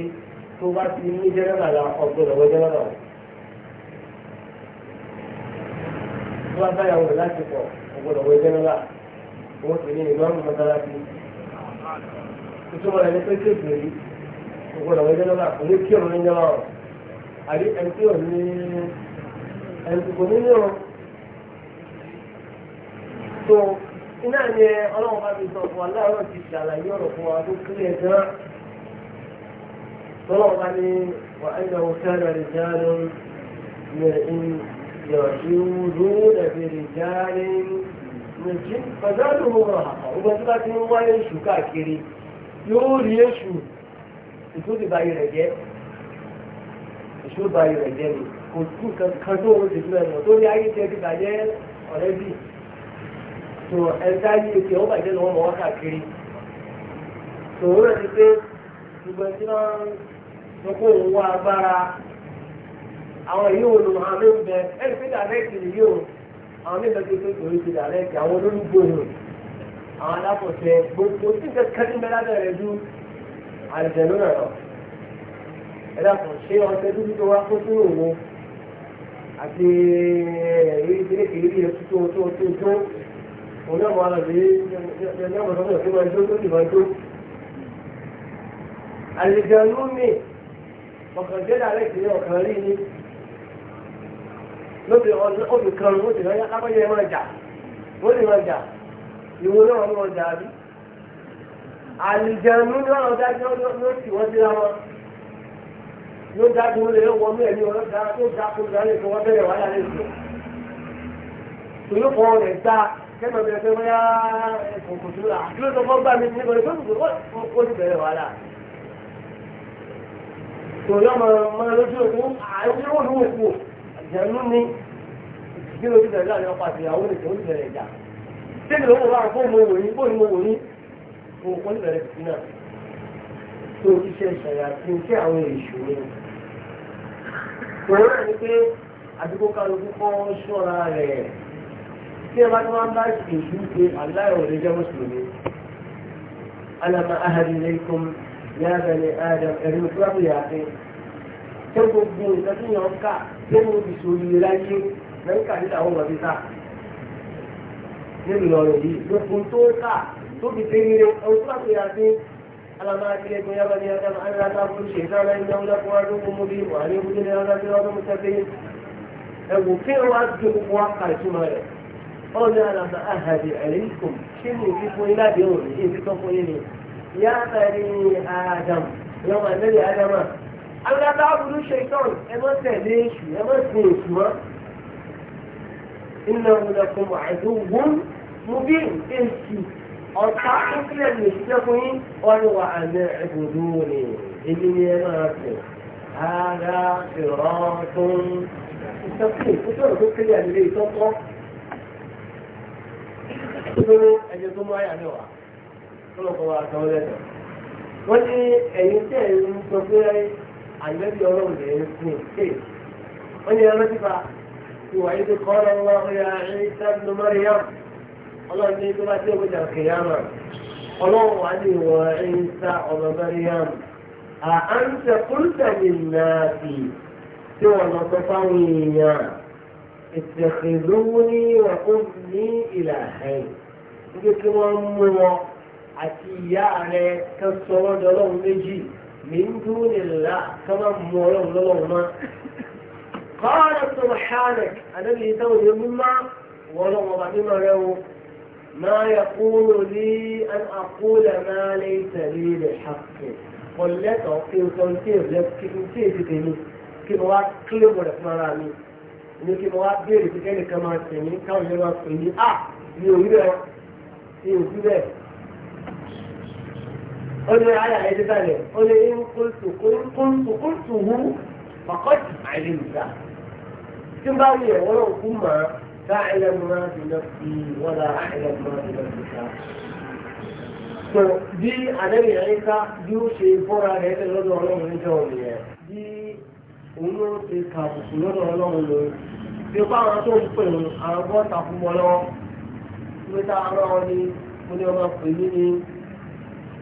tó bá ti ní jẹ́rẹ́bà la ọgbọ́dọ̀ wọ jẹ́rẹ́bà wọn. tó bá báyàwó rẹ̀ láti pọ̀ ọ̀gbọ́dọ̀ wọ ẹgbẹ́ náà wọ́n ti ní ìlú àwọn mọ́tàláṣí. ìtumọ̀ rẹ̀ ní pé kéèkì rí ọ̀gbọ́dọ̀ wọ ẹgbẹ́ náà kò ní kí ọ̀run ní jọba àbí ẹni ò ní ẹni kò ní ní ọ̀ tó iná ni ọlọ́run bá fi sọ fún wa láàárọ̀ ti ṣàlàyé ọ̀rọ̀ fún wa tó kílẹ̀ gan tọ́lọ́run bá ní يعجوزون برجال من جن فزادهم رهقا وبزادت من الله يشو كاكري يقول يشو يقول باي رجال يشو باي رجال kò tún kan tó ń ṣe fún ẹ̀mọ́ tó ní ayé tẹ́ ti bàjẹ́ ọ̀rẹ́ bì tó ẹ̀dá yìí ti ọ̀hún bàjẹ́ lọ́wọ́ mọ́ wá káàkiri tòun rẹ̀ ti pé gbogbo ẹni àwọn yìí wò ló máa ló ń bẹ ẹni pé dàrẹ́kì yìí o àwọn nígbà tó tó torí ti dàrẹ́kì àwọn olórúkọ yìí àwọn alákọ̀ọ́sẹ̀ gbogbo tí nǹkan kẹ́lí ń bẹ lábẹ́ rẹ̀ ju àlùjẹ̀lú rẹ̀ lọ. ẹ dàpọ̀ ṣé ọ̀sẹ̀ dúdú tó wá kó sínú òun àti èyí ìdílé kìíní yẹn tó tó tó tó òun náà wà lọ sí ẹgbẹ́ ọ̀sán náà tó máa jó tó sì ọ̀kàn jẹ́ dàrẹ́kì ọ̀kàn rí ni lóbi ọdún ọdún kan ló ti lọ́yà kábọ́yé wọn jà wọ́n lè wọn jà ìwọ náà wọn wọn jà bí. àlìjẹun ní wọn ọjà jẹ ló tì wọn síra wọn ló dájú wọn lè wọ mí ẹni wọn dá tó dá kó dá lè fún wọn bẹ̀rẹ̀ wáyà lè sùn. tòló kan rẹ̀ dá kẹ́mọ̀ bẹ̀rẹ̀ fẹ́ wáyà kòkò tó rà kí ló gbà mí nígbà tó kò kó bẹ̀rẹ̀ wáyà. tòló ọmọ ọmọ lójú òkú àìwúrò ló wò àlìjẹ̀nu ni bí o ti bẹ̀rẹ̀ láàrin ọkọ àti ìyàwó nìkan o ti bẹ̀rẹ̀ ìjà nínú ìṣòro ìráyé mẹ́ríkà ní àwọn ọmọdé ta nínú ọ̀rọ̀ yìí gbogbo tó tó fi tẹ́lẹ̀ rẹ̀ ọ̀hún tó àti àti alamaki ẹgbẹ́ yaba ni adam aláta fún ṣe sára ẹni ọ̀dà fún adókun mú bí wà ní ojú ní ọ̀dà fún ọdún mùsàfẹ́ ẹ̀wù kí wọ́n á ju gbogbo wa kà ìtumọ̀ rẹ̀ ọ̀dà alàmà ahàdì àlẹ́kùn kí ni fún ni àwọn ẹ̀dá burú ṣe ìtọ́rùn ẹ mọ́ tẹ̀lé èṣù ẹ mọ́ sin èṣù mọ́. iná ọ̀nàkùn àìsàn wọ́n mú bí èṣù ọ̀tá ìpínlẹ̀ nìṣẹ́ fún yín wọ́n ní wà àmì ẹ̀bùdó ni èmi ni ẹ máa tẹ̀. ara ìrọ̀tún ìtọ́kùn ìtọ́kùn tó kéré àdìrẹ́ ìtọ́kọ́. ìṣòro ẹ̀jẹ̀ tó mú ayà mẹ́wàá tó wa àtàwọn ẹ̀dọ̀ wọ́n ní ẹ̀yin tẹ̀ ń àyẹ̀bí ọlọ́run lè ń fún ké wọ́n ní ẹran nípa ìwà yìí ti kọ́ ọ́ lọ́wọ́ ọ̀rẹ́ Ìsá ibn Maryam ọlọ́run ní tó bá tí òwe jà kìyàmà ọlọ́run wà ní ìwọ̀ Ìsá ọmọ Maryam à ń tẹ kúrúta ní nàáfi tí wọ́n lọ sọ fáwọn èèyàn ìtẹ̀kẹ̀lówóní wà ó ní ìlà ẹ̀yìn nígbà tí wọ́n mú wọn àti ìyá rẹ̀ kẹsàn-án من دون الله كما مولون لهم قال سبحانك أنا اللي توني مما ولو مما له ما يقول لي أن أقول ما ليس لي بحق قل لك أقول كنتير لك كنتير تتني كن واقلب لك مرامي ni kí mo wá béèrè pé kẹ́nìkan máa tẹ̀mí káwọn yẹn máa pè ní à ní òwúrẹ́ ní òwúrẹ́ قل على يد بالي قل إن قلت قلت قلت قلته فقد علمته ثم بالي ولو كما تعلم ما في نفسي ولا أعلم ما في نفسك so bí ànábì àyíká bí ó ṣe bọ́ra rẹ̀ ẹ́ lọ́dọ̀ ọlọ́run níjọ́ nìyẹn bí òun ló ṣe kàbùkù lọ́dọ̀ ọlọ́run lò bí pa àwọn tó ń pè ń àwọn bọ́ọ̀tà fún wọn lọ́wọ́ pé tá a rán mo ní ọmọ pè mí ní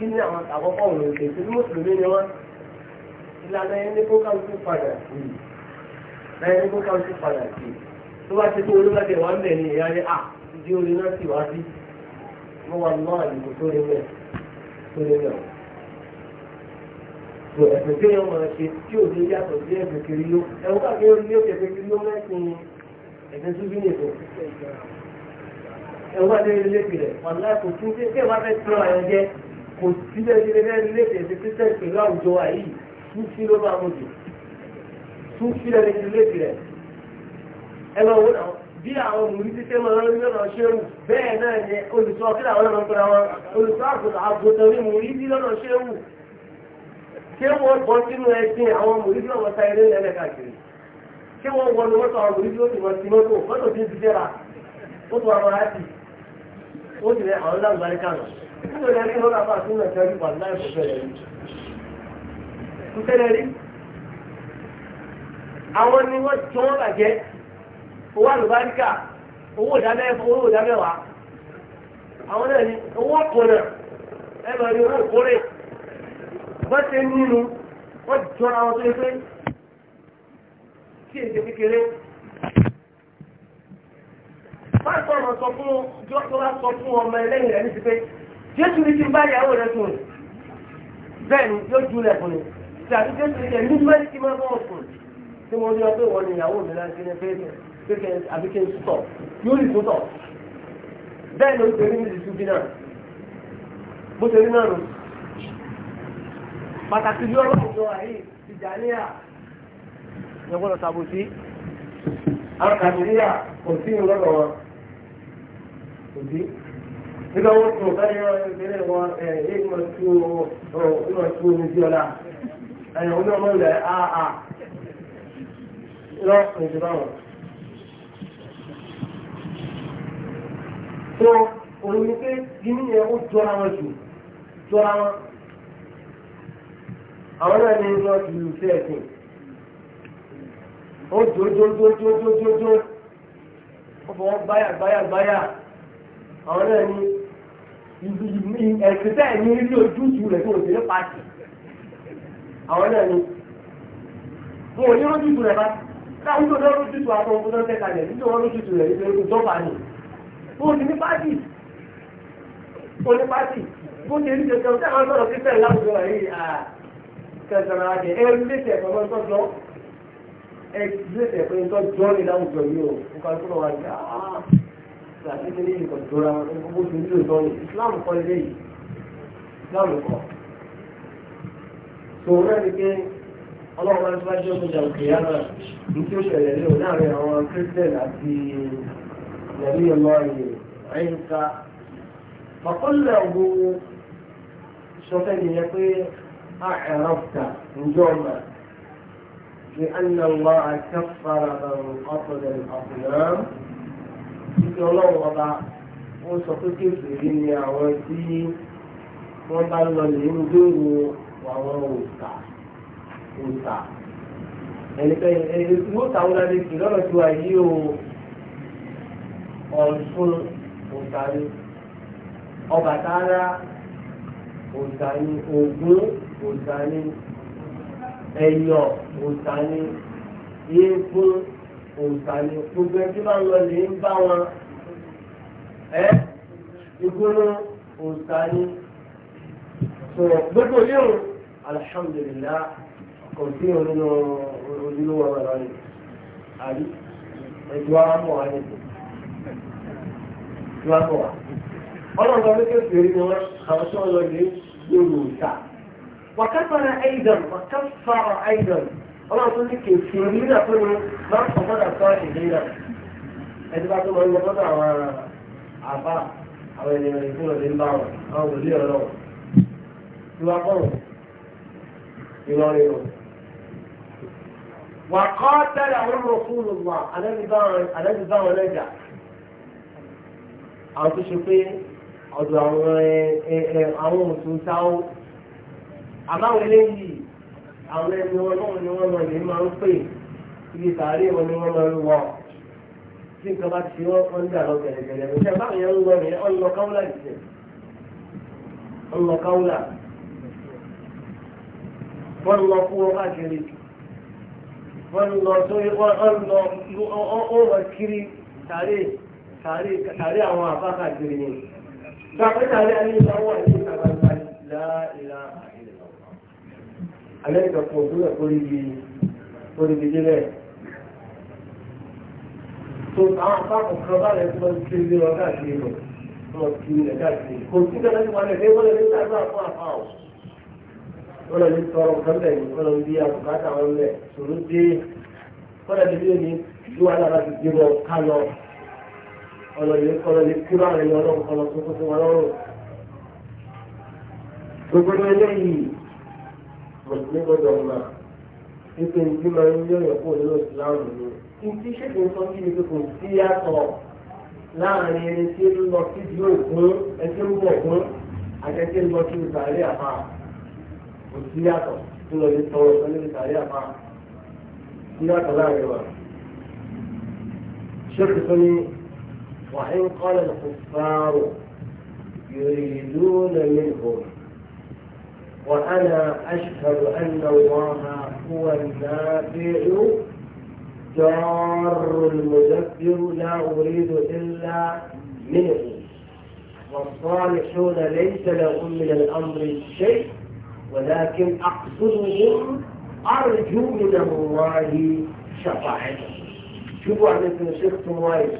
kí ní àwọn àkọ́kọ́ òun èdè tí ní mùsùlùmí ni wọ́n ìlànà ẹni kó káńtì padà sí ẹni kó káńtì padà sí tó bá ti tó olóńgbàdé wà mẹ́ ni ìyá ni à ìdí orin náà sì wá sí mo wà ní máa nìkó tó lé mẹ́ tó lé mẹ́ o ẹ̀sìn tí wọ́n máa ṣe tí ò ní yàtọ̀ sí ẹ̀sìn kiri ló ẹ̀wọ́n káàkiri ní òkè kiri ló mẹ́sìn ẹ̀sìn tó bí nìkan ẹ̀wọ́n adé ilé tirẹ̀ wà láì kò tún ṣe wá fẹ́ tún ara jẹ́ kò sílẹ̀ ilé náà nílé tẹ̀sí kírísítẹ́nì pẹ̀lú àwùjọ àyí súnfí ló máa mú jù súnfí lẹ́ ní ilé tirẹ̀ ẹ lọ wọ́n bí àwọn mùrí títẹ́ máa ń rí lọ́nà ṣéwù bẹ́ẹ̀ náà ni olùsọ kí làwọn náà ń pera wọn olùsọ àgùntàn ní mùrí ní lọ́nà ṣéwù ṣé wọ́n bọ́ sínú ẹ̀sìn àwọn mùrí lọ́wọ́ sa ilé lẹ́lẹ́ káàkiri ṣé wọ́n wọnú mọ́tò àwọn mùrí ló tí ó lẹ́sìn lọ́nà bá sínú ẹ̀fẹ́ rí wàhálà ìfẹ́ rẹ̀ rí. kò tẹ́lẹ̀ rí. àwọn ni wọ́n jọ wọ́n bàjẹ́ owó àlùbáríkà owó ìdámẹ́wàá àwọn náà ni owó ọ̀pọ̀nà ẹ lọ rí owó ìkórè wọ́n ṣe nínú wọ́n jọra wọn tó yẹ pé kí èdè kékeré pásítọ̀ ọ̀nà sọ fún ọmọ ẹlẹ́yìn rẹ̀ ní ti pé jésù ní ti bá ìyàwó rẹ sùn bẹ́ẹ̀ ni yóò ju ilẹ̀ fún mi tí àti jésù ní ti ní mẹ́rin ti máa bọ́ sùn tí mo ní ọpẹ́ ìwọ ni ìyàwó mi náà ti ní pé kí àbí kí n sùtọ̀ yóò lè sùtọ̀ bẹ́ẹ̀ ni obìnrin mi lè sùn bí náà bó ṣe rí náà nù pàtàkì yóò rọ̀ ìjọ àyè ìjà ní à ìyàgbọ́dọ̀ sàbòsí àwọn kàmìlíà kò sí ìrọ̀rọ̀ kò sí nígbà wo tó bá yọ ìbílẹ̀ wọn ẹ̀ ẹ̀ ìmọ̀ tí o ìmọ̀ tí o ní bí ọ̀la ẹ̀yìn oní ọmọ ilẹ̀ àà lọ ìjọba wọn. tó òun pé gíní yẹn ó jọra wọn jù jọra wọn àwọn náà ní lọ jù ìfẹ́ ẹ̀sìn ó jójójójójójó ó fọwọ́ gbáyà gbáyà gbáyà àwọn náà ni ẹ̀sìn tẹ́ẹ̀ ní rí ojútùú rẹ̀ tó òṣèré pàṣẹ àwọn náà ni wọn ò ní ojútùú rẹ̀ bá káwọn tó lọ́rọ́ ojútùú àwọn ọmọ tó ń tẹ́ka wọn ojútùú rẹ̀ nítorí kò tọ́pa ni wọn ò ní ní pàṣẹ wọn ní pàṣẹ wọn ti rí jẹjẹrẹ tí àwọn sọ̀rọ̀ kíkẹ́ láwùjọ rẹ̀ yìí kẹsàn-án àjẹ ẹ lé tẹ̀ pẹ̀lú tọ́jọ́ ẹ lé tẹ̀ pẹ̀lú tọ́jọ́ àti ilé ìkọ̀ tó ra wọn gbogbo tó nílò ìtọ́ ni Islam kọ́ ilé yìí Islam kọ́ tó náà ni pé ọlọ́run máa ń tọ́jú ọkùnrin jà òkè yára ní tí ó ṣẹlẹ̀ ní òun láàrin àwọn Christian àti nàbí الله كفر من قتل الأصنام títí ọlọ́run ọba wọ́n sọ pé kéfèé ni àwọn tí wọ́n bá lọ lè ń gbèrò àwọn òòtà òòtà ẹ̀ẹ́dẹ̀ẹ́dẹ̀ wọ́n tàwọn adé kì lọ́rọ̀ tí wà yí o ọ̀ṣun òòtà ni Ọbàtálá òòtà ni Ògún òòtà ni Ẹ̀yọ̀ òòtà ni Yékún òǹkà ni gbogbo ẹbí máa ń lọ lè ń bá wọn ẹ ìgbóná òǹkà ni sọ̀rọ̀ gbogbo yóò alhamdulillah kò sí onínú ojúlówó ọmọ náà ni àbí ẹjọ́ ara mọ̀ wá nìkan ìjọ ara mọ̀ wá ọlọ́run ọdún kékeré ni wọ́n àwọn tó ń lọ lè ń gbòòrò òǹkà wàkàfàrà aidan wàkàfàrà aidan ọlọ́run tó ní kèsì orí náà tó ní máa ń fọwọ́dà sọ èdè náà ẹni bá tó máa ń lọ fọ́dà àwọn àbá àwọn ènìyàn ìfún ọ̀dẹ̀ ń bá wọn àwọn òlé ọ̀rọ̀ ìwà kọ̀rọ̀ ìlọrin o. wà kọ́ tẹ́lẹ̀ àwọn ọmọ fún un wà àdẹ́bí bá wọn lẹ́jà àwọn tó ṣe pé ọ̀dọ̀ àwọn àwọn òtún sáwọ́ àbáwọn eléyìí àwọn ẹni wọn náà ni wọ́n lọ lè máa ń pè ibi tààrí wọn ni wọ́n lọ ń wọ tí nǹkan bá ti wọ́n wọ́n dà lọ gẹ̀rẹ́gẹ̀rẹ́ ìṣẹ́ báwọn yẹn ń lọ nìyẹn ọ̀nà káwùlà ìṣẹ̀ ọ̀nà káwùlà wọ́n lọ kú wọn káàkiri wọ́n lọ sórí wọ́n lọ ọ̀rọ̀ kiri tààrí tààrí àwọn àbá káàkiri ni. Gbàgbé tààrí ayé ìgbà wà ní ìgbà gbàgbà láìláà alẹ́kọ̀ọ́kọ́ òbúrẹ̀ oríbi délẹ̀ tó àwọn apákan kan bá rẹ̀ tó ti lé wọn káàkiri lọ wọn ti lé káàkiri kò sí kẹ́kẹ́ tó wà lẹ́gbẹ́ wọ́n lè ní sáà náà fún àpá ọ̀ wọ́n lè ní tọrọ kan bẹ̀ ní wọ́n lè ní àbùkátà wọn lẹ̀ sòrò dé wọ́n lè ní ní tí wọ́n lára ti dé lọ́rùn gbogbo eléyìí mùsùlùmí gbọ́dọ̀ mà wípé ìdí máa ń yọ̀yọ̀ kó nínú ìsìláàmù ni. ìdí ṣètò sọ kí ni kò sí yàtọ̀ láàrin ẹni tí ń lọ sí ìlú ògún ẹtí ń bọ̀ ògún àtẹ̀tí ń lọ sí ìsàlẹ̀ àpá kò sí yàtọ̀ tó lọ sí tọrọ sọ ní ìsàlẹ̀ àpá sí yàtọ̀ láàrin wa. ṣètò sọ ni wàhíńkọ́lẹ̀ kò sáárò yòrìdúnlẹ̀ mìíràn. وأنا أشهد أن الله هو النافع جار المدبر لا أريد إلا منه والصالحون ليس لهم من الأمر شيء ولكن أقصدهم أرجو من الله شفاعته شوفوا عندكم الشيخ تموايز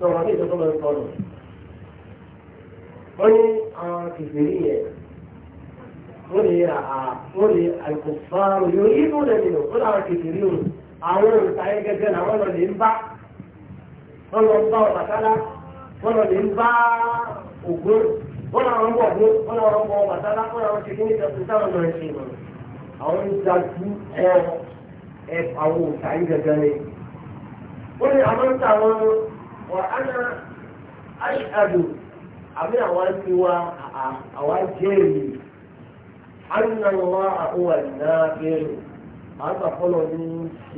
طبعا إذا طبعا القانون قل آه wọ́n ní ah, ah, wọ́n ní àìkòfààrò yóò yí tó lè nínú ó láwọn kékeré o àwọn olùtayé gẹ́gẹ́ làwọn lọ lè ń bá wọ́n lọ ń bá Ọbàtálá wọ́n lọ lè ń bá Ògún wọ́n làwọn ń bọ̀ Ògún wọ́n làwọn ń bọ̀ Ọbàtálá wọ́n làwọn kékeré ní ìjọba táwọn lọ ṣe mọ̀ àwọn ń dájú ẹ ẹ àwọn olùtayé gẹ́gẹ́ ni wọ́n ní àwọn ń ta àwọn ọ̀hánà àìkàdù àbí àwọn ti wá àwọn jẹ́rìí anna Allah huwa an-nafi'u àgbà fọlọ́ ní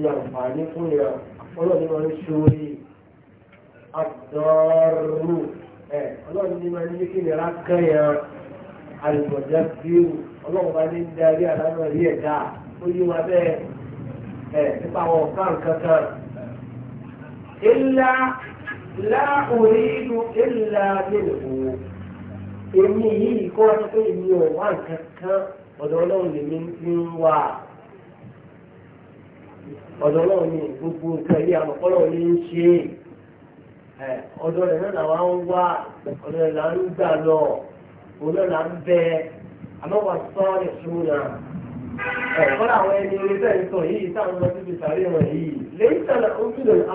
ṣe àǹfààní fún ìyá fọlọ́ ní wọn ṣorí àdọ́rù ẹ̀ ọlọ́run ní máa ní kí ni ra kẹ́yà àlùbọ̀já bíu ọlọ́run bá ní darí àlánà rí ẹ̀dá ó yí wa bẹ́ẹ̀ ẹ̀ nípa àwọn ọ̀kan kankan. ilá láàrin ìlú ilá nílùú èmi yìí kọ́ ọ́ pé èmi ò wá nǹkan kan ọ̀dọ̀ ọlọ́run lèmi ti ń wà ọ̀dọ̀ ọlọ́run ni gbogbo nǹkan ilé àwọn ọlọ́run ń ṣe ọ̀dọ̀ rẹ̀ náà làwa ń wá ọ̀dọ̀ rẹ̀ là ń gbà lọ òun náà là ń bẹ àmọ́wà sọ́ọ̀rì ṣúra ọ̀kọ́lá àwọn ẹni orí bẹ́ẹ̀ sọ yìí táwọn ọmọ síbi sàárè wọn yìí lẹ́yìn tẹ̀lé ojú lè ṣe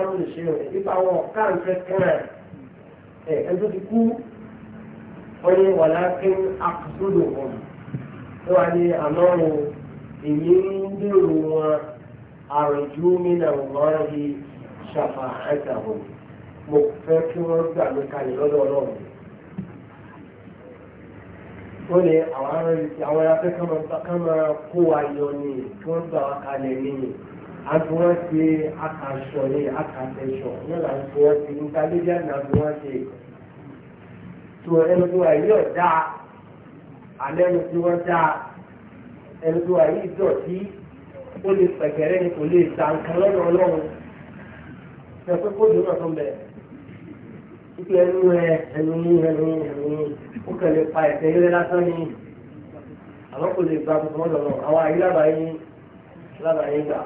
rẹ̀ nípa àwọn ọ̀ká nǹkan kan ẹ̀ ẹ̀ tó ti kú wọ́n wàlá kí n àkùsùn ó wà ní àmọ́ òun èmi ń dèrò wọn àròjú mi náà wọ́n rí ṣàfà àìsàwọ̀ mo fẹ́ kí wọ́n gbà mí kalẹ̀ lọ́dọ̀ ọlọ́run ó ní àwọn afẹ́ kan máa kó wa yọ ni kí wọ́n gbà wá kalẹ̀ nìyí àti wọ́n ṣe akàṣọ ní akàtẹ̀ṣọ ní láti wọ́n ṣe nígbà lójú àná àti wọ́n ṣe tó ẹnu tó wà yóò dáa àlẹ́nu tí wọ́n dáa ẹni tó wà yìí dọ̀tí ó lè pẹ̀gẹ́rẹ́ ni kò lè ta nǹkan lọ́nà ọlọ́run ẹ pé kó dùn náà tó ń bẹ̀. Ipe ẹnu ẹ ẹnu ní ẹnu ẹnu ó kẹlẹ̀ pa ẹ̀fẹ́ ilé lásán ni àwọn kò lè gba tuntun lọ́dọ̀ àwọn àyè lábàáyé lábàáyé gbà.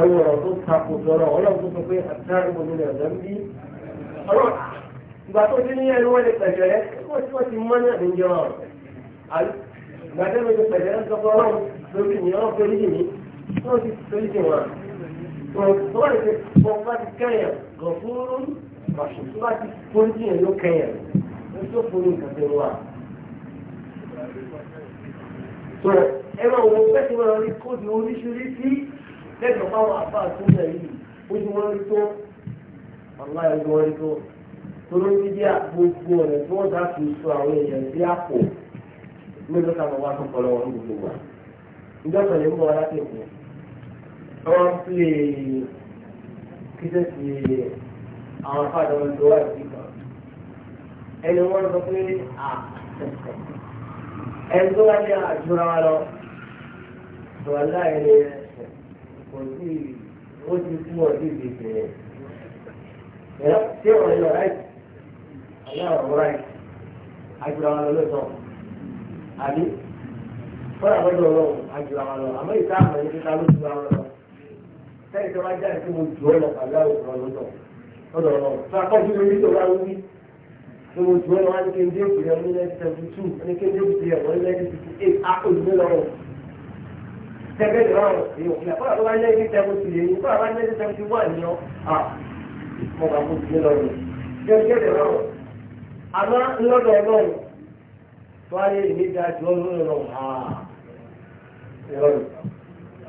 Ẹ wọ̀rọ̀ tó takò sọ̀rọ̀ ọlọ́run tó sọ pé àti táwọn ìbò ọ̀dọ́ ń bí ọlọ́run ìgbà tó ti ní ẹnu wọn lè pẹ̀jẹ̀ rẹ wọ́n ti wọ́n ti mọ́ náà ní ìjọba ọ̀rọ̀ àlù ìgbà tó ti pẹ̀jẹ̀ rẹ sọ fọlọ́run lórí mi ọ̀rọ̀ pẹ̀lú mi wọ́n ti pẹ̀lú mi wọn. tó wà lóṣè fọ bá ti kẹ́yàn gàn fún màṣù tó bá ti forí jìyàn ló kẹ́yàn ló tó forí nǹkan tó wà. tó ẹ máa wo bẹ́ẹ̀ ti máa rí kóòtù oríṣiríṣi lẹ́gbẹ̀ẹ́ fáwọn àbá àtúnyẹ̀ yìí ó ti wọ́n rí tó torí ní bí gbogbo ọ̀nà tí wọ́n dáàbò sọ àwọn èèyàn sí àpò mélòó ká bàbá tó kọ́ lọ́wọ́ ní gbogbo wa ìjọba lè mú ọlá tó kù wọ́n fi kíkẹ́ sí àwọn afáàdé wọn tó wà sí kan ẹni wọ́n sọ pé à ẹni tó wá ní àjọra wa lọ tọ́wọ́ láì ní kò sí ó ti kú ọdún ìdìbò yẹn. Ṣé ọ̀rẹ́ lọ láì ẹ̀yà ọ̀rọ̀ rẹ̀ àjùra wọn lọ lóòótọ́ àbí fọ́nà gbọ́dọ̀ ọlọ́run àjùra wọn lọ àmọ́ ìta àmọ́ ní kíkà ló jùra wọn lọ sẹ́yìn tó bá jáde tí mo jù ọ́ lọ pàdé àwọn òkúrọ̀ lọ́tọ̀ lọ́dọ̀ ọlọ́run tó akọ́jú lórí tó wá wí tí mo jù ọ́ lọ wá ní kéde òkúrẹ́ ọdún nineteen seventy two ní kéde òkúrẹ́ ọdún nineteen sixty eight akọ́jú lọ́rọ̀ tẹ́gbẹ́ lọ́rọ̀ èyí òkúrẹ́ fọ́nà tó bá ní nineteen seventy eight fọ́nà tó bá ní nineteen seventy one ni ọ́ àmọ́ lọ́dọ̀ ọlọ́run tó ayé ìmí da jù ọ́ lórí ọlọ́run ha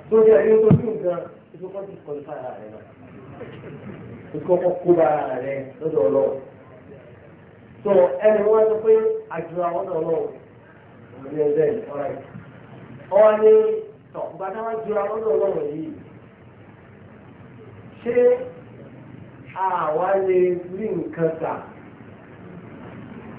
tó jẹ́ ẹni tó dùn gan ìfowópamọ́ ti kọ́ nípa ara rẹ̀ náà ìkọ́kọ́ kó bá ara rẹ̀ lọ́dọ̀ ọlọ́run tó ẹni wọ́n sọ pé àjùrà àwọn ọlọ́run òní ẹgbẹ́ ìfọ́ra yìí ọwọ́ ni tọ̀ bàtà wọn jùrà àwọn ọlọ́run yìí ṣé àwa lè rí nǹkan gbà.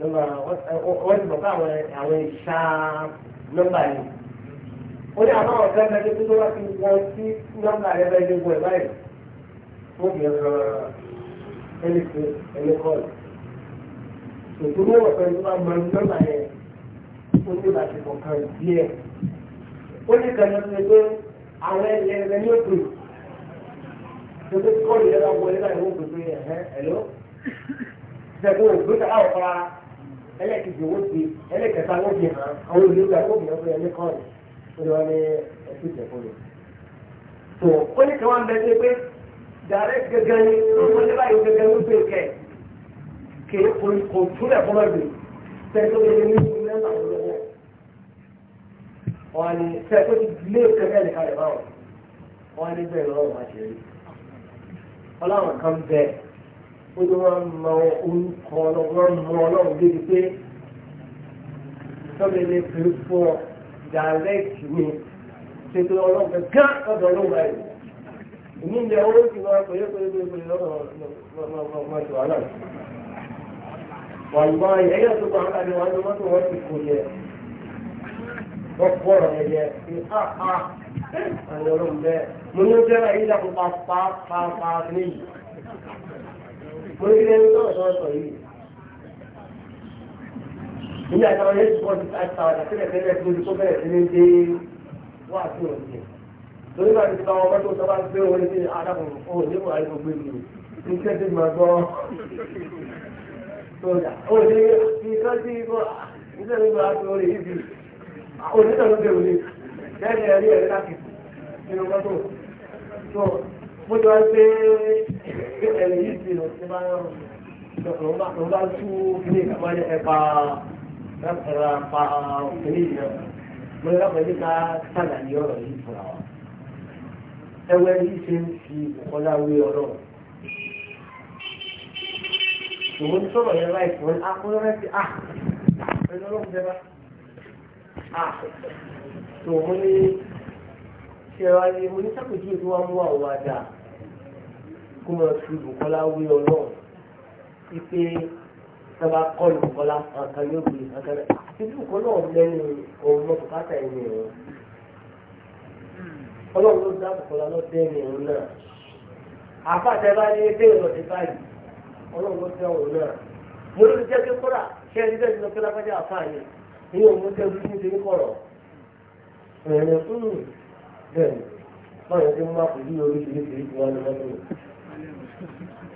nọ́mbà wọ́n ti mọ̀ pé àwọn ìṣá nọ́mbà yìí. ó ní àwọn ọ̀gá ẹgbẹ́ tó wá sí wọn sí nọ́mbà rẹ bẹ́ẹ̀ ní gbọ́ ẹ̀ báyìí. wọ́n fi ẹni pé ẹni kọ́ọ̀lù. ètò ní ọ̀pẹ tó bá mọ nọ́mbà yẹn ó ní láti kọ̀ọ̀kan díẹ̀. ó ní kẹ́lẹ́ tó pé àwọn ẹ̀yẹ rẹ ní òkè. tó tó kọ́ọ̀lù yẹn bá wọlé láì wọ́n gbèsè ẹ̀hẹ́ ẹ̀lọ́ ẹlẹ́kejì owó ti ẹlẹ́kẹta wọ́n fi hàn àwọn olùdókòwò àwọn obìnrin fún ẹni kọ́ọ̀nù ó lọ ní ẹtú ìjẹ̀kọ́ lọ. tó ó ní kí wọ́n bẹ ṣe pé dàrẹ́ gẹ́gẹ́ ni wọ́n ní báyìí gẹ́gẹ́ ló gbé kẹ̀ kí kò tún lẹ̀ fún ọ̀gbìn tẹ́tọ́ lé ní mẹ́ta olówó. wọ́n á ní tẹ́tọ́ ti lé kẹ́kẹ́ nìkan rẹ̀ báwọn wọ́n ní bẹ́ẹ̀ lọ́wọ́ máa ṣe rí ó ní wọ́n mọ orúkọ ọlọ́run mọ ọlọ́run débi pé tọ́lẹ̀ lè pè é fún ọ direct ni ṣe pé ọlọ́run fẹ́ gán ọ̀dọ̀ ọlọ́run báyìí èmi ń lẹ owó tí wọ́n pè é pé é pé lọ́dọ̀ ọmọ ìjọ àlọ́ wàlúwà ẹ̀yẹ́ tó kọ́ àkàdé wọn ni wọ́n tó wọ́n ti kò yẹ wọ́n kọ́ ọ̀rọ̀ yẹ yẹ pé á á àlọ́ ọlọ́run bẹ́ẹ̀ mo ní ó jẹ́ láyé ìdàpọ̀ pàápàá pàápàá níyì mo ní kílẹ̀ sọ yìí tó ti tó bẹ̀rẹ̀ sí ní sí adágún òun ní kò àyè gbogbo ní kẹ́tì máa gbọ́ sójà òun ní kí kọ́ nígbà tí wọ́n á tó rí ibi òun ní tẹ̀lé ẹ̀rí ẹ̀rí láti nínú mọ́tò tó mo jọ pé pé ẹ̀yìn yìí ti rọ̀ sí bá ń rọ̀ bá tú kíní ìkàmọ́ ní ẹ̀pa ẹ̀rọ pa kíní ìyá mo ní lápẹ̀lú ká sàlàyé ọ̀rọ̀ yìí fúnra wa ẹwẹ́ yìí ṣe ń fi ọ̀la wé ọ̀rọ̀ òun sọ̀rọ̀ yẹn láì fún ẹ akọ́lọ́rẹ́ ah, ti ah, ẹni ọlọ́run jẹba à ní ṣe wáyé mo ní sàkójú ètò wa mú àwọn àdáa. kó máa fi bùkọ́lá wí ọlọ́run wípé tá a bùkọ́lá àǹkan yóò gbé àǹkan náà títí bùkọ́lá ọ̀lẹ́nu òun náà bùkátà ẹni ẹ̀rọ ọlọ́run ló dá bùkọ́lá lọ́dẹ́ ẹni ẹ̀rọ náà àfàtẹ́ báyìí ọlọ́run ló dá náà mo ló ti jẹ́ pé kódà ṣé ẹni bẹ́ẹ̀ ti lọ pé òun kọ̀rọ̀ ẹ̀rẹ̀ fún hmm, mi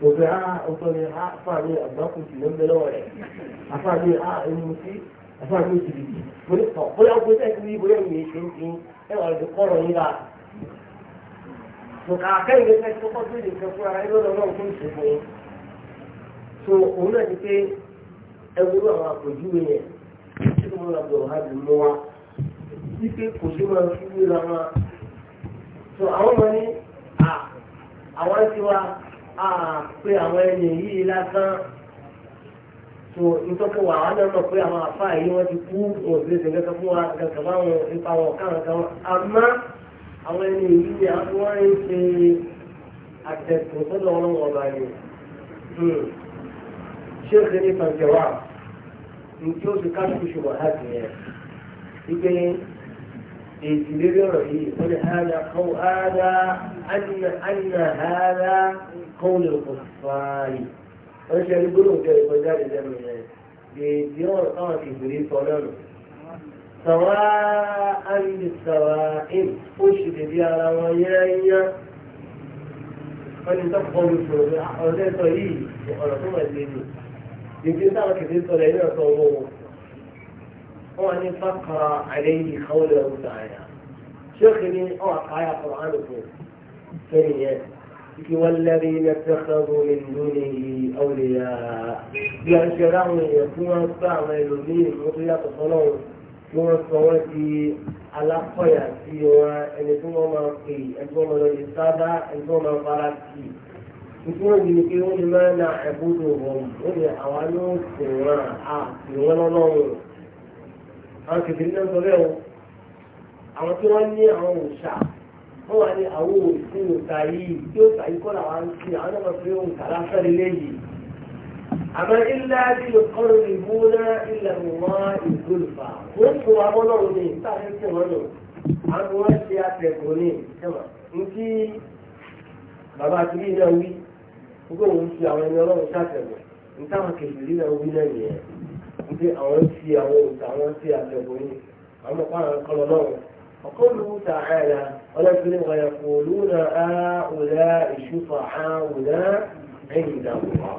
mo fẹ́ ah ọ̀tọ̀ ni ah afa mi àgbákùn sì ló ń bẹ lọ́wọ́ rẹ̀ afa mi ah ẹni mo sí afa mi sì lè jì mo ẹ wà lóde kọ́ ọ̀rọ̀ la nǹkan akẹ́yìnlẹ́ sẹ́yìn tó kọ́ tó lè fẹ́ ara yín lọ́dọ̀ náà tó ń ṣe so òun náà ti pé ẹ wúlò àwọn àpèjúwe yẹn tí mo lọ bọ̀ wá lè wa wípé kò sí máa fi wúlò àwọn so àwọn ọmọ ní à àwọn ti wá. a pé àwọn ẹni yìí lásán tó nítorí wà wọn náà pé àwọn afá yìí wọ́n ti kú wọn ò lè fún wa kankan báwọn ipa wọn káwọn kan àmọ́ àwọn ẹni yìí ni wọ́n ń ṣe àtẹ̀tún sọ́dọ̀ wọn wọn bá ṣé o ṣe ní fanjẹ́wà ní tí ó láti yẹn. ìdílé ọ̀rọ̀ yìí ó ní hádà kọ́ hádà ánà hádà kọ́ lè kò fààyè wọ́n ṣe gbólóhùn jẹ́ ìkọjáde lẹ́nu rẹ̀ dèédé ọ̀rọ̀ táwọn ti gbèrè sọ lẹ́nu. sàwá àyè sàwá ìm ó ṣe dèbí ara wọn yẹ́yẹ́ wọ́n ti tọ́kọ̀ ah, ọ̀rọ̀ sọ̀rọ̀ ọ̀rọ̀ sẹ́sọ yìí ọ̀rọ̀ tó wà lé ní. dèédé táwọn kìdí sọ̀rọ̀ yìí náà sọ ọ̀rọ̀ wọn wọ́n ní fàkàrà àlẹ́yìn kọ́wọ́lẹ̀ ọ̀hún dáadáa ṣéèkì ní ọ̀ àkáyà kọ̀ọ̀án kò sẹ́yìn yẹn kí wọ́n lẹ́rí ní ẹ̀fẹ́kọ̀ọ́ mi lónìí ọ̀lẹ́yà bí a ń ṣe ráwọn èèyàn tí wọ́n gbá àwọn ẹlòmíì wọ́n tó yàtọ̀ fọ́nà tí wọ́n sọ wọ́n di alákọ̀yà sí wọn ẹni tí wọ́n máa pè ẹni tí wọ́n máa lọ yẹ sábà ẹni tí wọ́n máa fara sí i ìfúnwọ́n yìí ni pé wọ́n ní máa ń na ẹ̀bùdó wọn wọ́n ní àwọn ló ń sìn wọn à sìn wọn lọ́wọ́ àwọn kèfèrè náà sọ bẹ́ẹ̀ o àwọn tí wọ́n ní àwọn òòṣà wọ́n wà ní àwọn òsìn òòṣà yìí tí ó sàyí kọ́ làwọn ń sìn àwọn náà fi òòṣà lásán lé yìí àmọ́ ilẹ̀ bí ọ̀rọ̀ ìbú náà ilẹ̀ wọn ìgbòlùfà wọ́n fún wa mọ́ náà ní sáré sí wọn nù àwọn wọn ṣe àtẹ̀gùn ní ìjọba ní bàbá àtúbí náà wí gbogbo òun fi àwọn ẹni ọlọ́run ṣàtẹ̀gùn ní táwọn náà wí náà nìyẹn. pé àwọn ń fi àwọn òòtà àwọn sí àtẹ̀wò yìí àwọn ọ̀pá àwọn kọlọ náà ọ̀kọ́ olùwò ta àyà ọlọ́sìn wọ̀nyà kò lóòrà á òlà ìṣúfà á òlà ẹ̀yìn ìdààmú wa.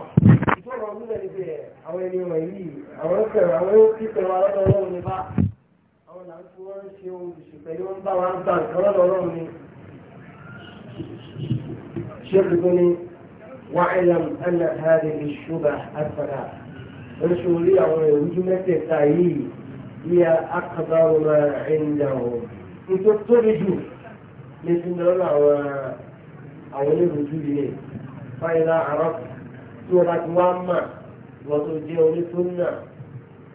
ìfọ̀rọ̀ ọdún náà ni pé àwọn ẹni wọ̀nyí àwọn ń sẹ̀rọ̀ àwọn ń fi pẹ̀lú àwọn ọlọ́run nípa àwọn là ń fi wọ́n ṣe ohun ìṣùpẹ̀ ni wọ́n bá wọn gbà nǹkan lọ́dọ̀ ọlọ́run ni. ṣé kìkún ni wàhálà ń hàn oríṣiríṣi àwọn ìrújú mẹ́tẹ̀ẹ̀ta yìí ní akọ̀bárò máa ń dà wọ́n nítorí tóbi jù ní ti lọ́rọ̀ àwọn àwọn onírúurú yìí fáyidá àrọ́ tí wọ́n bá ti wá mà wọ́n tó jẹ́ onítúnà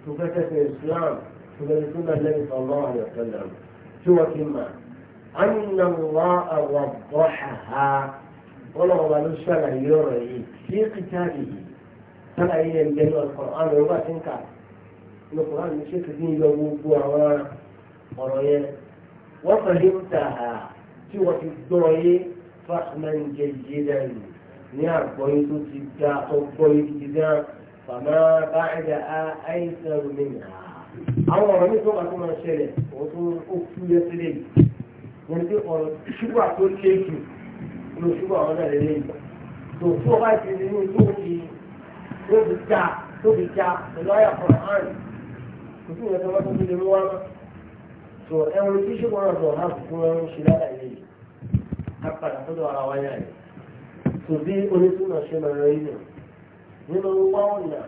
tó fẹ́ tẹ̀sán Islam tó fẹ́ tẹ̀sán náà lẹ́yìn sọ̀rọ̀ àwọn ọ̀sẹ̀lẹ̀ tí wọ́n ti mà ánìyànwá àwọn bọ́ṣà ha wọ́n lọ́wọ́ ló ṣàlàyé ọ̀rọ̀ yìí kí kìtàbí yìí sálàyé ẹ̀ ń bẹ ní Al-Qur'an àwọn ọba ti ń kà ní Al-Qur'an ní ṣé kìí yọ gbogbo àwọn ọ̀rọ̀ yẹn wọ́n pẹ̀lú ń tà á tí wọ́n ti gbọ́ yé fásimán jẹjẹ dẹ́nu ní àgbọ̀yé tó ti dá ọgbọ́yé ti dá fàmà bá ẹ̀dá àìsàn òmìnira àwọn ọ̀rọ̀ ní sọ́kà tó máa ṣẹlẹ̀ òun tó ó kú yìí wọ́n ti ọ̀rọ̀ ṣúgbà tó lé jù lọ ṣúgbà wọn náà lé lé yìí tó fún ọ tó já tó já pẹ̀lú àyà Qur'an kò sí ìyẹn tó wọ́n tó fi lè mú wá mọ́. tó ẹ̀wọ̀n tí ṣùgbọ́n náà sọ̀rọ̀ náà fún wọn ṣe lára ilé yìí á padà tó ara wá yìí. tó bí onísùnà ṣe máa rẹ inú nínú wá ọ̀nà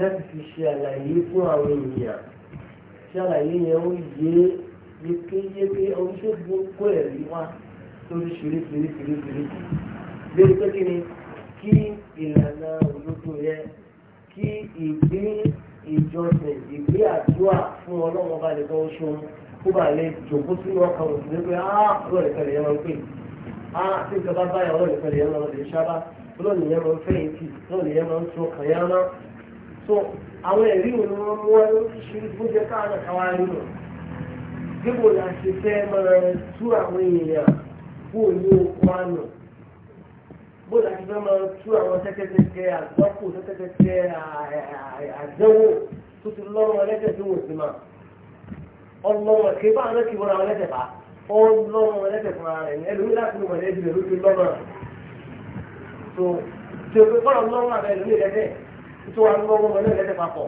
láti fi ṣe àlàyé fún àwọn ènìyàn ṣe àlàyé yẹn ó yé yékéyéké oríṣiríṣi kó ẹ̀rí wá lóríṣiríṣiríṣiríṣiríṣi lórí pé kí ni kí ìlànà òdodo yẹ kí ìgbé ìjọsìn ìgbé àdúrà fún ọlọ́run ọba nìkan oṣù kó bá lè jòkó sínú ọkàn òsì pé á ọlọ́run nìkan lè yẹn máa ń pè á tí nǹkan bá báyà ọlọ́run nìkan lè yẹn máa lè ṣábà ọlọ́run yẹn máa ń fẹ́ ìtì ọlọ́run yẹn máa ń tún ọkàn yẹn máa so àwọn ẹ̀rí òun wọn mú wọn bó jẹ́ káwọn àtàwọn arínú dípò láti fẹ́ máa tú àwọn èèyàn kúrò ní okun àná bóòlù àti fẹ́ máa tú àwọn sẹ́kẹ́sẹ́kẹ́ àgbákò sẹ́kẹ́sẹ́kẹ́ àjẹwò tó ti lọ́rùn ẹlẹ́tẹ̀ tó wò sí máa ọlọ́run ẹ̀kẹ́ bá àwọn ẹ̀kẹ́ wọra ẹlẹ́tẹ̀ bá ọlọ́run ẹlẹ́tẹ̀ fúnra rẹ̀ ní ẹlòmí láti lù wọ̀lẹ́ ibi lòlú ti lọ́rùn tó tí o fi kọ́lọ̀ lọ́rùn àbẹ̀ lórí ẹlẹ́tẹ̀ tó wà lọ́rùn ẹlẹ́tẹ̀ papọ̀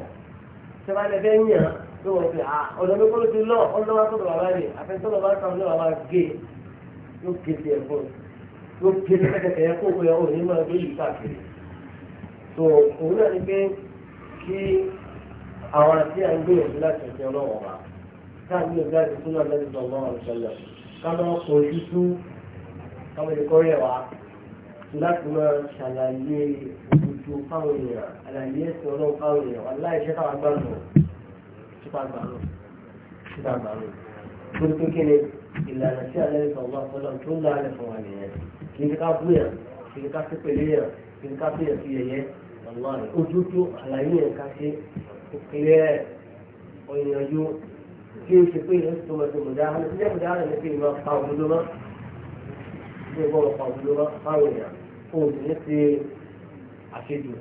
sẹ́fà lẹ́fẹ̀ ń yàn tó wọ́n ló gbé lẹ́kẹ̀kẹ̀ yẹn kó o yẹ òní máa gbé yìí káàkiri so òun náà ni pé kí àwọn àti à ń gbìyànjú láti ṣe ọlọ́wọ́ wa káàkiri òbí àti sínú àlejò ọgbọ́n àlùfẹ́lẹ̀ kábọ̀ kò ojú tú kábọ̀ lè kọ́rí ẹ̀ wá láti máa ṣàlàyé òjò fáwọn èèyàn àlàyé ẹ̀sìn ọlọ́run fáwọn èèyàn aláìṣẹ́ káwọn gbàgbọ́ sípa gbàgbọ́ sípa gbàgbọ́ torí pé kí ni ìlànà tí tó ń dá àlẹ́ fún nìyẹn kìí ká bú yàn kìí ká sí pèlè yàn kìí ká sí ẹ̀sìn yẹ̀yẹ́ ojú tó àlàyé yẹn ká ṣe òkèlè ọ̀yànjú kí o ṣe pé ìyẹn tó mọ̀ tó mọ̀ dáa ní ṣíṣẹ́ mọ̀dá rẹ̀ ní pé ìmọ̀ pa òdodo mọ́ ṣé ìbọn pa òdodo mọ́ fáwọn èèyàn kó o sì ní ṣe àṣejù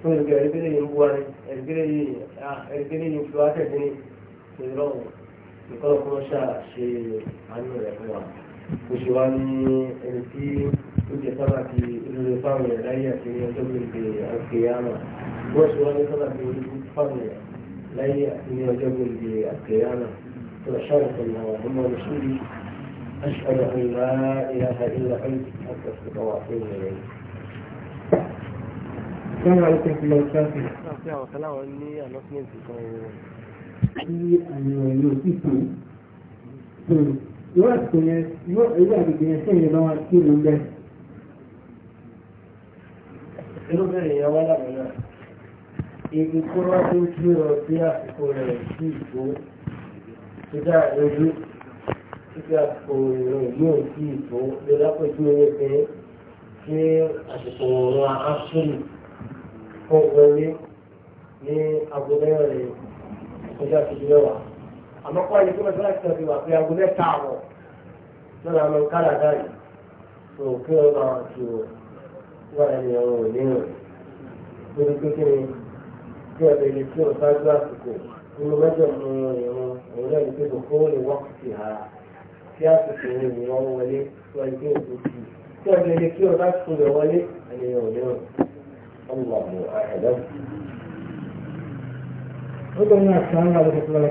fún ìgbà ẹ̀rígbélé yìí ń bu wa ni yìí fi wá tẹ̀sí ni ìrọ̀rùn ìkọ́lọ́kọ́ ṣe àánú rẹ̀ fún wa oṣù wa ní ẹni tí ó jẹ sábà ti olórí fáwọn ẹ̀rọ ayé àti ní ọjọ́ gbèǹde àkèyàmà wọ́n oṣù wa ní sábà ti olórí fáwọn ẹ̀rọ láyé àti ní ọjọ́ gbèǹde àkèyàmà tó lọ ṣáà ìfọ̀nà ọmọ mùsùlùmí أشهد أن لا إله إلا أنت أستغفرك وأتوب إليك Assalamu alaikum fi lọ sáfì. Ṣé àwọn kan láwọn ní announcement kan wọ̀? Ṣé àwọn èèyàn yóò sì tó? irú àsìkò yẹn irú àgbègbè yẹn sẹ́yìn lè bá wa kí ló ń bẹ́. irú bẹ́ẹ̀ yẹn wá lábẹ́lá ibi tó wá tó kí ọ sí àsìkò rẹ̀ sí ìgbó tó dára lójú títí àsìkò rẹ̀ yóò sí ìgbó lè lápẹ̀jú owó pé ṣé àsìkò òun àásùn kọ́ wọlé ní agbóhẹ́rẹ́ kọjá tó dúró wà àmọ́ kọ́ ẹni tó bẹ̀rẹ̀ láti tẹ̀lé wà pé aago mẹ́ta àwọ̀ tó lọ àwọn kálàdá yìí tó kí wọ́n máa ju wà ẹni ọ̀rọ̀ nínú lórí kékeré tí ọ̀dọ̀ ilé tí ò sáájú àsìkò nínú mẹ́jọ mú ìrún òun náà ní pé kò kó lè wọ́n ti hà kí àsìkò ìrìn wọn wọlé tó ẹni tí ò tó kì ọ̀dọ̀ ilé tí ò bá tó wọlé ẹni ọ̀rọ̀ nínú ọlọ́mù àhẹ́dọ́. ó lóun àti àwọn àlejò tó lọ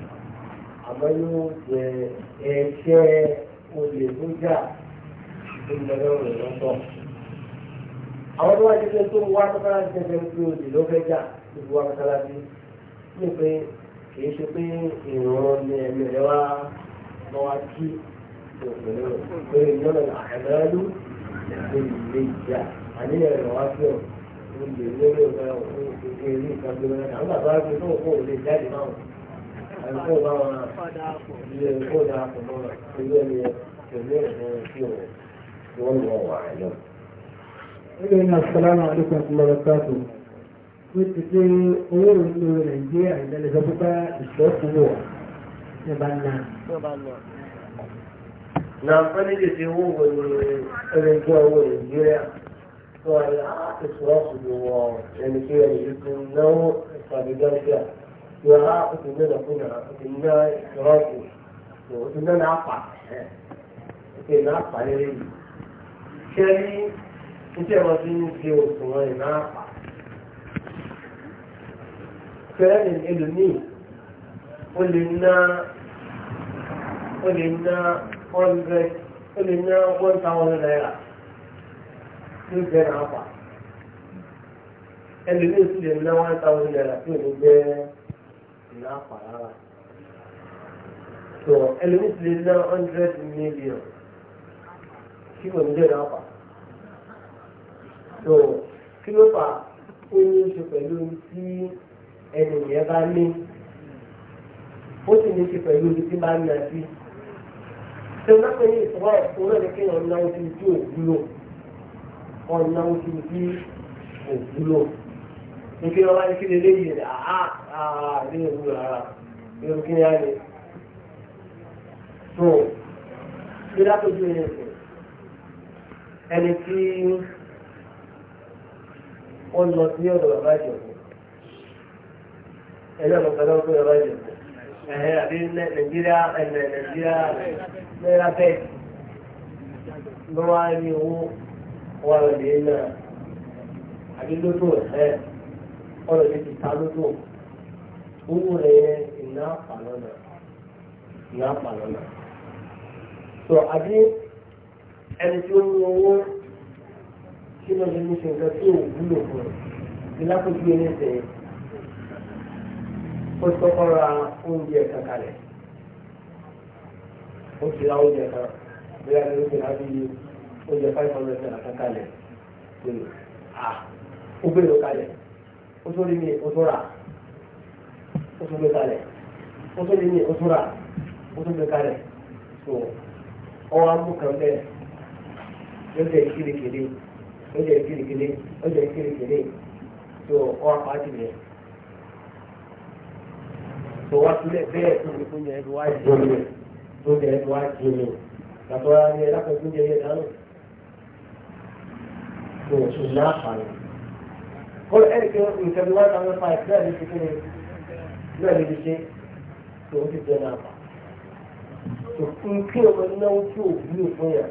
àmọ́ yóò jẹ ẹ̀ṣẹ́ olè tó jà tó ń lọ rẹ̀ lọ́tọ̀. àwọn tó wá ti ṣe tó wá kọ́kọ́rá ti ṣẹ̀ṣẹ̀ pé olè ló fẹ́ jà gbogbo wa kọ́kọ́rá sí ní pé kì í ṣe pé ìrànwọ́ ni ẹ̀mí rẹ̀ wá lọ́wọ́ kí òṣèlú pé ìyọ́nà àkàndálú lè lè jà àníyàn rẹ̀ wá sí ọ̀hún olè lórí ọ̀gá òun ìgbéyìí ìgbàgbé rẹ̀ àwọn bàbá rẹ̀ tó kó olè jáde náà ẹ̀kọ́ bá wọn ilé ẹ̀kọ́ dáa mọ́ ilé ẹ̀yẹ pẹ̀lú ẹ̀rọ tí wọ́n lọ wà lọ. Ilé iná Sàlámù Alẹ́kùn Àtúmọ̀lá Káàtó. Ó ti owó ìlú Nàìjíríà ìdálẹ́ sọ pé bá ní bá ná. Na fẹ́lẹ́dì ti owó ìwé ẹgbẹ́ ìjọ owó Nàìjíríà. Sọ àyà ìṣọ́kúrò ẹni pé ẹni tó náwó ìpàdé pé á ó ti gbé lọ́kùn náà ó ti gbé rọ́ọ̀kù ó ti gbé náà pa ó ti náà pa lérè yìí. ṣé rí iṣẹ́ wọn ti ń ṣe òṣùwọ̀n ìná pa. fẹ́ẹ́rì ẹlòmíì ó lè ná ó lè ná hundred ó lè ná one thousand naira tó jẹ́ náà pa. ẹlòmíì sì lè ná one thousand naira tó lè jẹ́ náà pa ìlà pàrọ̀ tó ẹlòmí ti lè ná hundred million kí kò ní lè rà pa tó kí ló fà ó ní í ṣe pẹ̀lú tí ẹnì yẹn bá ní ó sì ní í ṣe pẹ̀lú ibi tí máa ń nà sí tó náà pé ní ìfọwọ́ òun náà ní kéèyàn náwó sí ojú òwúlò ọ̀nà ojú ojú òwúlò nígbà wọn ní kí lè léyìn rẹ̀ àá so bí lápẹjù ẹni sìn ẹni tí wọ́n lọ sí ọ̀dọ̀ bàbá ìjọba ẹni ọ̀dọ̀ bàbá ìjọba bàbá ìjọba ẹ̀hẹ́ àbí nàìjíríà ẹ̀nà nàìjíríà náírà bẹ́ẹ̀ ló wá ní owó wà lóde náà àbí lótó ẹ̀ ọ̀rọ̀ ti ta lótó owó rẹ̀ yẹ iná pàlọ́nà iná pàlọ́nà. sọ àbí ẹni tí ó ní owó tí wọ́n lè ní ṣe nǹkan tí ò wúlò fún un ní lápòjú ẹni ṣe ó ti kọ́kọ́ ra oúnjẹ kan kalẹ̀ ó ti ra oúnjẹ kan bí a ti ló ti ra oúnjẹ five hundred naira kan kalẹ̀ ó bèrè ó kalẹ̀ ó tó rí mi ó tó rà ó tún gbé kalẹ̀ ó tún lè ní ó tún rà ó tún gbé kalẹ̀ tó ọwọ́ amú kan bẹ́ẹ̀ lọ́jọ́ ìkìlìkìlì lọ́jọ́ ìkìlìkìlì lọ́jọ́ ìkìlìkìlì tó ọwọ́ apáàtì rẹ̀ tó wá sílẹ̀ bẹ́ẹ̀ tó ní fún yẹn ẹ̀rọ wá jẹun rẹ̀ tó jẹ ẹ̀rọ wá jẹun rẹ̀ tàbí ara ní ẹ̀rọ tó jẹ yẹn dáná tó ṣùgbọ́n àfààní. kọ́lá ẹ̀rì kan nǹkan bí wọ́n ta wọn fa ìpínlẹ̀ ní kékeré bẹ́ẹ̀ ló ṣe lòun ti jẹ náà òfin kí ọmọ náwó tí ò wúlò fún yà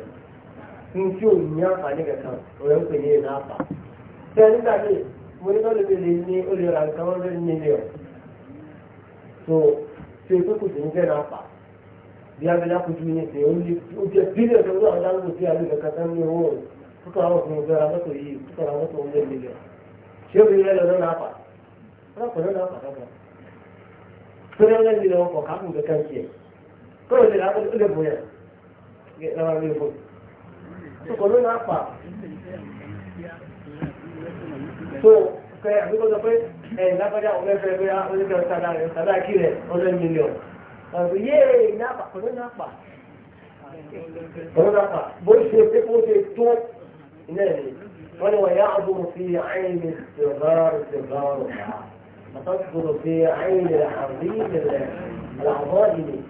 ní tí ò ní àǹfààní kankan ọ̀rẹ́ ń pè ní ìlà àpá. bẹ́ẹ̀ nígbà tí mo ní lọ́dọ̀ lè ní olè ra nǹkan one hundred million tó ṣe pé kò sí ní jẹ́ náà pa bí abẹ́lá kojú ní ṣe ó lè ó jẹ́ bílíọ̀nù tó ń lọ àwọn dáńgò tí àlè kankan ní owó rẹ̀ kókò àwọn òfin ìgbéra yìí kókò àwọn mọ́tò one hundred million ṣé obìnrin yẹn lọ náà pa torí ọ̀rẹ́ mi lọ́wọ́ kọ̀ káàkùn kẹ́kẹ́ ń tiẹ̀ kọ́rọ̀ lè lápò tó lè bò yẹn lọ́wọ́ mi bò tó kọ̀ ló náà fà tó kẹ́ àbíkọ́ sọ pé ẹ̀ lápájá ọ̀rẹ́ fẹ́ bóyá oníkẹ́ ọ̀sádà rẹ̀ ọ̀sádà kí rẹ̀ ọ̀rẹ́ mi lọ ọ̀rọ̀ yéè náà fà kọ̀ ló náà fà ọ̀rọ̀dàpà bó ṣe pé kó ṣe tó náà ni wọ́n ni wọ́n yá àbúrò fi àyìn ìṣèlú ìṣèlú ọ̀rọ̀ تدخل في عين العظيم العظائم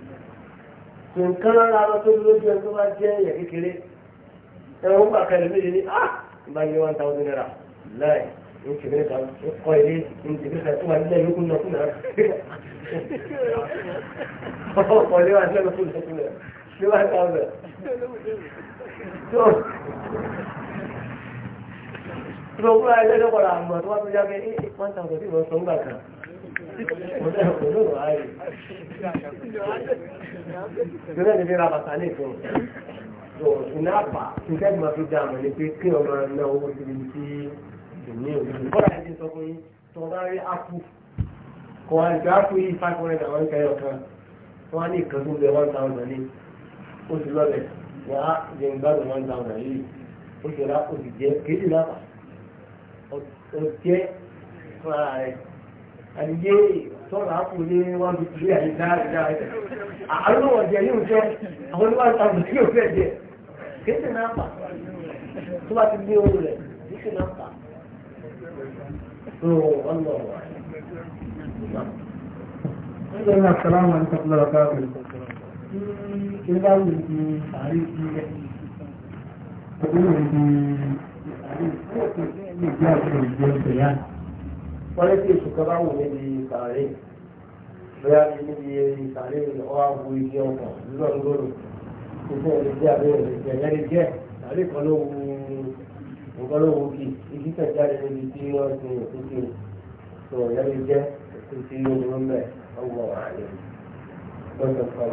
من كان على طول الوجه انت بعد جاي يا هم بقى كلمين اه ما يو انت عاوزين لا انت lọ fúnra ẹlẹ́dẹ́ padà àmọ́ tó wá tó yá pé eh, eh, one thousand tí wọ́n sọ ń gbà kan Ìjọba ìdíje ra bàtà ní ìfún. Ìná àpà ìfẹ́ ìgbà tó dá àmọ́ ni pé kí ọmọ náà owó ti di sí ìní òbí. Bọ́lá ẹni sọ fún yín, tó bá rí ápù. Kò wá oṣù lọ́lẹ̀. Wà á jẹ ìgbàgbọ́ one yìí. Oṣù rà oṣù jẹ kéjì lápá ọ̀jẹ́ fúnra rẹ̀ àyè tọ́lá àkùnrin ní wọ́n fi tìlé àyè dáadáa rẹ̀ àwọn ọ̀jẹ́ yóò jẹ́ àwọn oníwàlú tàbí yóò fẹ́ jẹ́ kéde náà fà tó bá ti gbé ohun rẹ̀ kéde náà fà tó ọlọ́ Nígbà náà, sàlámù àti sàkúlọ̀ ọ̀gá ọ̀gbìn. Kí ni bá wù ní àárín ìdílé? Ògbónà ìdílé àárín ìdílé sì jẹ́ àfihàn ìjọ ìpìlẹ̀ yá. wọ́n lé sí èṣù kan bá wù níbi ìsàárè bóyá níbi ìsàárè ọ̀hà wo ibi ọkọ̀ nínú ọ̀gbọ́n ìfẹ́ ìlú jẹ́ àbẹ́rẹ́ ìlú jẹ́ ìyá lè jẹ́ àbí kan ló wu nǹkan ló wu kì igi kan jáde níbi tí wọ́n ti òkú kì tó ìyá lè jẹ́ òkú tí ó ń mẹ́ ọgbọ̀n àlè lọ́sọ̀ kan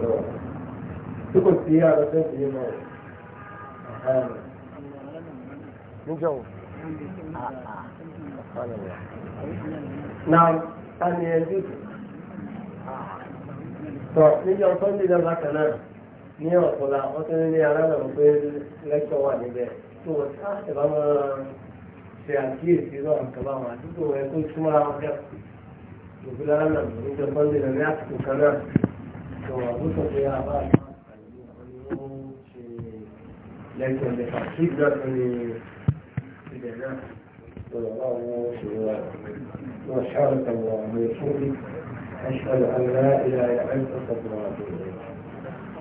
tó tí kò sí àlọ́sẹ̀ ìdílé náà níjọ́ wò náà tani ẹjú tọ níjọ́ sunday náà bákan náà ní ọ̀pọ̀lá wọ́n tún ní aláàbò pé lẹ́kọ̀ọ́ wà níbẹ̀ tó wọ́n ká ah, ẹ̀bá máa ṣe àkíyèsí lọ́wọ́ nǹkan báwọn àdúgbò ẹ̀ tó súnmọ́ra wọn kẹ́ òfin lára náà níjọ́ sunday náà ní àsìkò kan náà tó wà ló sọ pé àbá ah, àti àwọn ni wọ́n ṣe lẹ́kọ̀ọ́ lẹ́kọ̀ọ́ وسبحانك اللهم أشهد أن لا إله إلا أنت أستغفرك